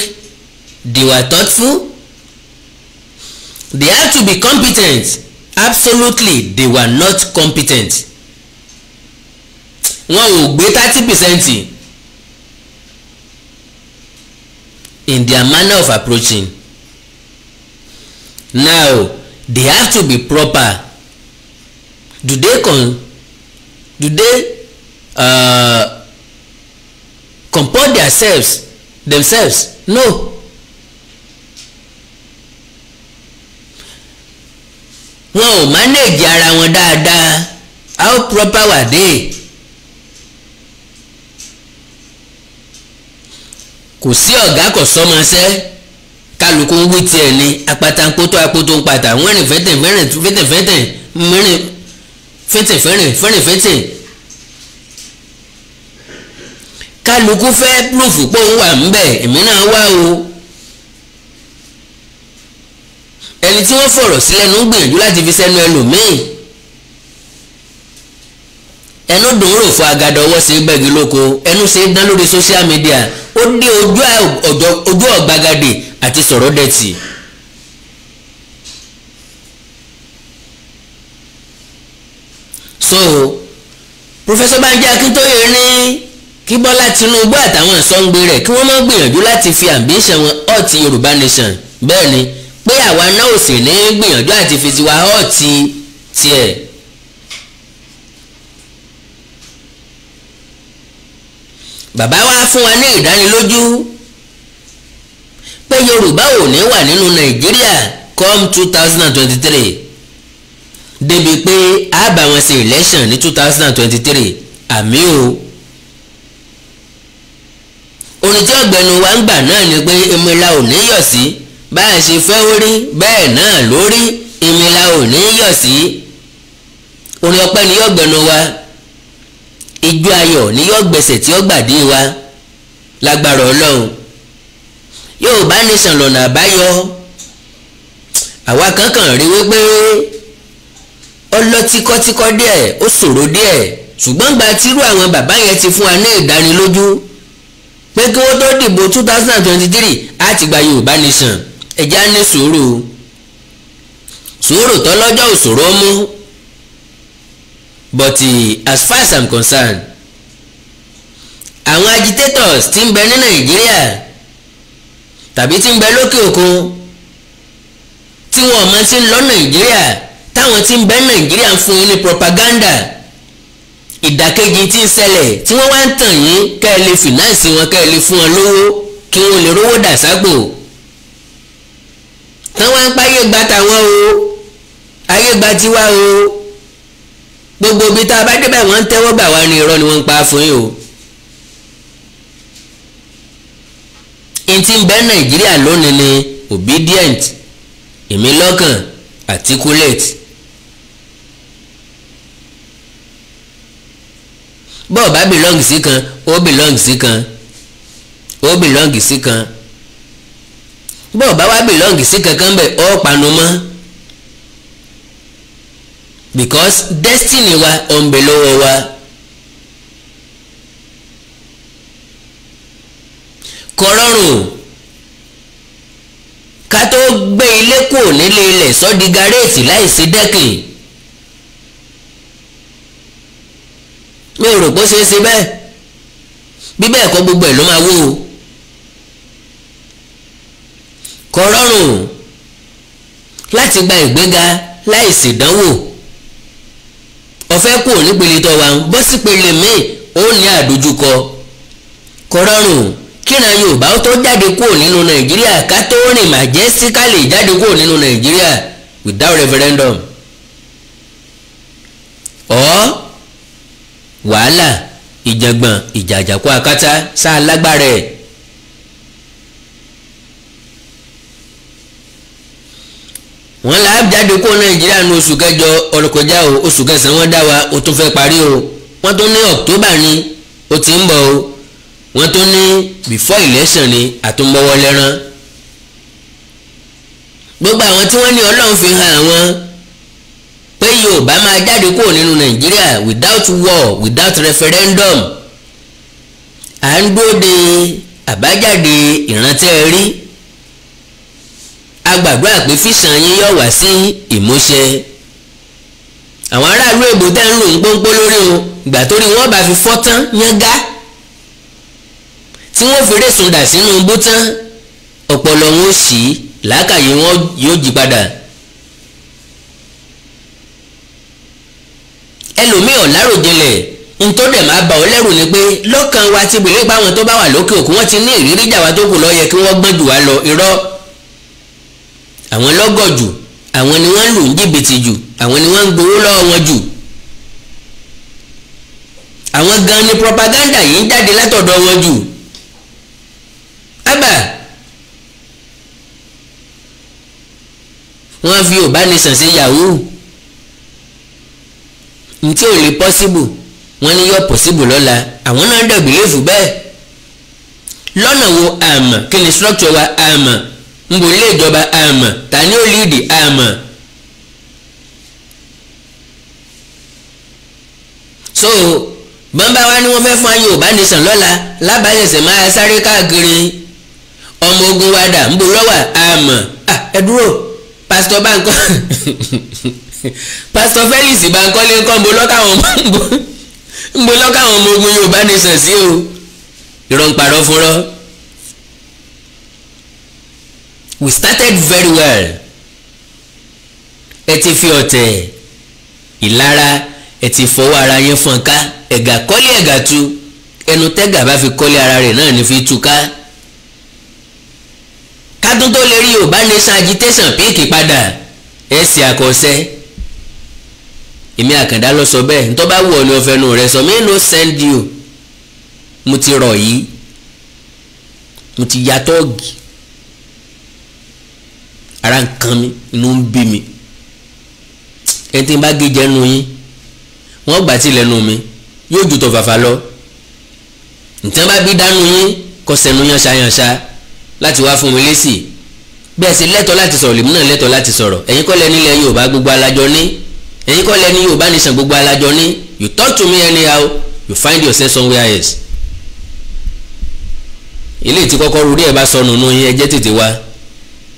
they were thoughtful. they have to be competent absolutely they were not competent One ò gbé thirty percent in their manner of approaching now they have to be proper do they con do they uh, comport themselves themselves no wọn ò mánéèjì ara wọn dáadáa how proper were they? kò sí ọ̀gá kò sọ́mọṣẹ́ kálukú ń wí tiẹ̀ ni apatankoto apoto ń pata wẹ́rìn fẹ́tẹ̀ fẹ́rìn fẹ́tẹ̀ fẹ́tẹ̀ mẹ́rìn fẹ́tẹ̀ fẹ́rìn fẹ́rìn fẹ́tẹ̀ kálukú fẹ́ púrúfù pé òun wà ń bẹ̀ èmi náà wá o. ẹni tí wọ́n fọ̀rọ̀ sí lẹ́nu ń gbìyànjú láti fi sẹ́nu ẹlòmíì ẹnu dùn rò fún agada ọwọ́ sí gbẹ̀gì lóko ẹnu ṣe é dán lórí social media ó dé ojú ọ̀gbagadè àti sọ̀rọ̀ dẹ̀tì. so Professor Banji Akintoye ní kí Bọ́lá Tinubu àtàwọn ìsọ̀ǹgbè rẹ̀ kí wọ́n má gbìyànjú láti fi ambition wọn hot Yorùbá nation bẹ́ẹ̀ ni pé àwa náà ò sì ní gbìyànjú àti fi tiwa hàn ti tiẹ̀. bàbá wa fún wa ní ìdánilójú pé Yorùbá ò ní wà nínú Nàìjíríà come 2023. thousand and twenty-three débi pé a bá wọn ṣe election ní two thousand and twenty-three àmì o orin tí ọ̀gbẹ́ni wa ń gbà náà ni pé emela ò ní yọ̀ sí. Si bá a ṣe fẹ́ ó rí bẹ́ẹ̀ náà ló rí ìmìlà ò ní yọ̀ sí orin ọpẹ́ ni yóò gbẹnu wa ijó ayọ̀ ni yóò gbẹ̀sẹ̀ tí ó gbàdé wa lágbára ọlọ́run yóò bá nìṣàn lọ́nà àbáyọ àwa kankan rí wípé ọlọ́tíkọ́tíkọ́ díẹ̀ ó ṣòro díẹ̀ ṣùgbọ́n gba tírú àwọn bàbá yẹn ti fún wa ní ìdánilójú pé kí wọ́n tó dìbò two thousand and twenty three á ti gba Yorùbá nìṣàn ẹja ní sùúrù sùúrù tọ́lọ́jọ́ òṣòro mú but eh, as far as i'm concerned àwọn agitators tí ń bẹ ní nàìjíríà tàbí tí ń bẹ lókè òkun tí wọn máa ti ń lọ nàìjíríà táwọn tí ń bẹ nàìjíríà ń fún yín ní propaganda ìdàkejì tí ń ṣẹlẹ̀ tí wọ́n wá ń tàn yín kẹ́ ẹ lè fìnáǹsì wọn kẹ́ ẹ lè fún wọn lówó kí wọ́n lè rówó dà ságbò tán wá ń páyé gba tàwọn o ayé gba tiwa o gbogbo ibi tá a bá débẹ̀ wọ́n ń tẹ́wọ́ gbà wá ní irọ́ ni wọ́n ń pa fún yìí o. ntí ń bẹ nàìjíríà lónìí ni obedient ìmílọ́kàn articulate. bọ́ọ̀ bá belong sí kan ó belong sí kan ó belong sí kan bọ́ọ̀ bá wá bìlọ́ǹgì sí kankan bẹ̀ ọ́ panu mọ́ because destiny wa ọ̀nbẹ lọ́wọ́ wa kọ́rọ́rùn ká tó gbé ilé kù nílé ilẹ̀ sọ́dí gàrẹ́ẹ̀tì láì sí dẹ́kìn mi ò rò pé ó ṣeé ṣe bẹ́ẹ̀ bí bẹ́ẹ̀ gbogbo ẹ̀ ló máa wó o. kò rọrùn láti gba ìgbéga láì ṣèdánwò ọ̀fẹ́ kù nípele tó wà ń bọ́ sí pele míì ó ní àdójúkọ kò rọrùn kíran Yorùbá ó tó jáde kúrò nínú Nàìjíríà ká tó rìn majestically jáde kúrò nínú Nàìjíríà without referendum ọ wàhálà ìjàngbọ̀n ìjàjàkú akátá sáà lágbára ẹ̀. wọ́n là á jáde kó nàìjíríà ní oṣù kẹjọ ọ̀rọ̀kọjá o oṣù kẹsàn-án wọ́n dá wa o tún fẹ́ parí o wọ́n tún ní october ni o ti ń bọ̀ o wọ́n tún ní before election ni àtúnbọ̀wọ́ lẹ́rán gbogbo àwọn tí wọ́n ní ọlọ́run fi hàn àwọn pé yorùbá máa jáde kúrò nínú nàìjíríà without war without referendum à ń dúró de àbájáde ìrántí ẹ rí a gbàdúrà pé fíṣàn yín yọ̀ wá sí ìmúṣẹ àwọn aráàlú èbó tẹ́ ń lò ń pọ́npọ́ lórí wọn ìgbà tó rí wọn bá fi fọ́ tán yángá tí wọ́n fi rẹ̀sùn dà sínú bó tán ọpọlọ wọn ò sí làákàyè wọn yóò jí padà. ẹlòmíì ọ̀láròjinlẹ̀ ntọ́dẹ̀ máa bà ọ́ lẹ́rù ni pé lọ́kàn wa ti bèrè pa àwọn tó bá wà lókè òkun wọ́n ti ní ìrírí ìjà tó kù ló yẹ kí wọ́n gbọ́n jù wá lọ irọ́ àwọn lọ́gọ̀ jù àwọn ni wọ́n ń lù ń jìbìtì jù àwọn ni wọ́n ń gbowó lọ́wọ́ wọn jù àwọn gan ni propaganda yìí ń jáde látọ̀dọ̀ wọn jù ábà wọ́n fi ò bá ní sàn sí yahoo ntí ò lè pọ́síbù wọ́n ní yọ pọ́síbù lọ́la àwọn náà dẹ̀ bìlífù bẹ́ẹ̀ lọ́nà wo àmọ̀ kí ni structure wa àmọ̀ nbò ilé ìjọba àmọ́ um, tani ó líìdì àmọ́ um? so bọ́ńbà wa ni wọ́n fẹ́ fún Yorùbá nation lọ́la lábàáṣẹ̀ṣẹ̀ máa sáré káàkiri ọmọ ogun wa dà nbò lọ́wà àmọ́ um, ah, ẹ dúró pásítọ̀ báńkọ́ pásítọ̀ Felix Bankole ńkọ́ nbò lọ́kàwọn nbò lọ́kàwọn ọmọ ogun Yorùbá nation sí o ìrọ̀ ń we started very well ẹ ti fi ọ̀tẹ̀ ìlara ẹ ti fọwọ́ ara yín fọn ká ẹ̀gà kọ́lé ẹ̀gà tu ẹnu tẹ́gà bá fi kọ́lé ara rẹ̀ náà ní fi tu ká kádùn tó lè rí yorùbá nation agitation píìkì padà ẹ sì àkọsẹ́ èmi àkàndá lọ sọ bẹ́ẹ̀ ntọ́ bá wù ọ́ ní ọ̀fẹ́ nù rẹ sọ mí no send you mo ti rọ̀ yìí mo ti yàtọ̀ ọ̀gì ara ń kan mi inú ń bí mi ẹni tí n bá gé jẹnu yín wọ́n gbà tí lẹ́nu mi yóò ju tọ̀ fàfà lọ ntẹ́ bá bí dánú yín kó sẹ́nu yànṣá yànṣá láti wá fún mi lésì bẹ́ẹ̀ sì lẹ́tọ̀ọ́ láti sọ̀rọ̀ lèmi náà lẹ́tọ̀ọ́ láti sọ̀rọ̀ ẹ̀yin kọ́ lẹ́ni ilẹ̀ Yorùbá gbogbo alájọ ní ẹ̀yin kọ́ lẹ́ni Yorùbá nìṣàn gbogbo alájọ ní you talk to me anyhow you find yourself somewhere else ilé ìtìkọ́kọ́ rúdí ẹ̀ bá sọnù nù yín ẹ jẹ́ tètè wá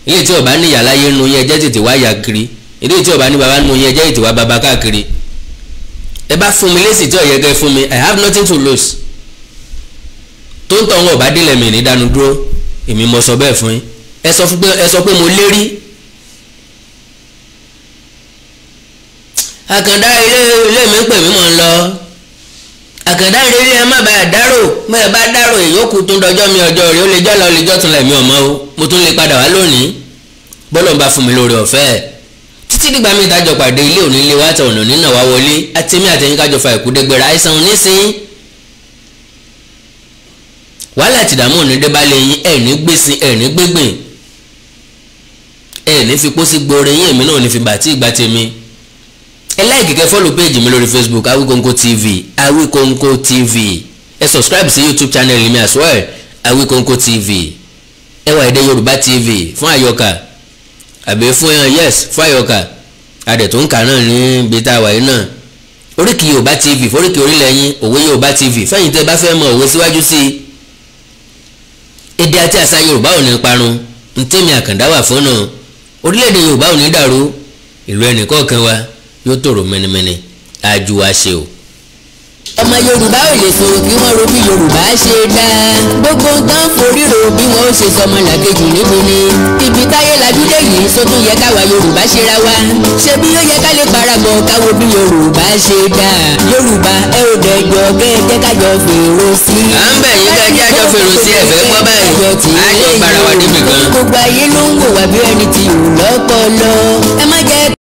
ilé tí ọba ní yàrá yé nu yẹn ẹjẹ́ tètè wá yà kiri ilé tí ọba ní baba nu yẹn ẹjẹ́ tètè wá baba káàkiri ẹ bá fún mi lésì tí ọ̀yẹ́ kẹ́ fún mi I have nothing to lose tó ń tọ́ wọn ọba délẹ̀ mi ní dánu dúró èmi mo sọ bẹ́ẹ̀ fún yín ẹ sọ fún pé ẹ sọ pé mo lérí àkàndá ilé ilé mi ń pè mí mò ń lọ àkàndá rere ẹ má bàa dárò mọ ẹ bá dárò ìyókù tó ń dọjọ́ mi ọjọ́ rẹ ó lè jọ́ la ó lè jọ́ tún la mi ọmọ o mo tún lè padà wá lónìí bọ́lọ̀ ń bá fún mi lórí ọ̀fẹ́ títí dìgbà mi ìtajọ pàdé ilé òní ilé wa tọ̀nà nínà wá wọlé àtẹ̀mí àtẹ̀yìn kájọ fa ìkúdégbèrè àìsàn onísìn wàhálà tìdààmú òní dé bá lè yín ẹ̀ẹ́ni gbèsìn ẹ̀ẹ́ni gbégbìn ẹ̀ẹ́ni fi pósí gbòòrè yín èmi náà ò ẹ láìkì kẹ́ fọ́lù péèjì mi lórí facebook awikonko tv awikonko tv ẹ subscribe sí youtube channel mi as well awikonko tv ẹ wà èdè yorùbá tv fún àyọkà àbí fún ẹyàn eh, yes fún àyọkà adẹ̀tún kà náà ní ibi tá a wà náà oríkì yorùbá tv foríkì orílẹ̀ yín òwe yorùbá tv fẹ́yìn tẹ́ bá fẹ́ mọ òwe síwájú sí i èdè àti àṣà yorùbá ò ní parun ntẹ́mi àkàndá wà fún náà orílẹ̀-èdè yorùbá ò ní dàrú ìlú ẹnìkọ̀ọ̀kan wa yóò tòrò mẹnimẹni àjù wa ṣe o. ọmọ yorùbá ò lè sọ̀rọ̀ kí wọ́n ro yorùbá ṣe dá gbogbo nǹkan forí bí wọ́n ó ṣe sọmọ làkejì níbo ni ibi táyé lajúdé yìí sọ yẹ káwa yorùbá ṣe ra wa ṣe bí ó yẹ ká lè parapọ̀ káwo bí yorùbá ṣe dá yorùbá ẹ ò dẹjọ kẹ́ẹ̀jẹ́ kájọ fèrò sí. à ń bẹ̀ yín kẹ́ẹ̀jẹ́ àjọ fèrò sí ẹ̀fẹ́ gbọ́ báyìí àjọ gbára débi gan. gbogbo ayé ló ń wò wá bí ẹni tí ò lọ́kọ lọ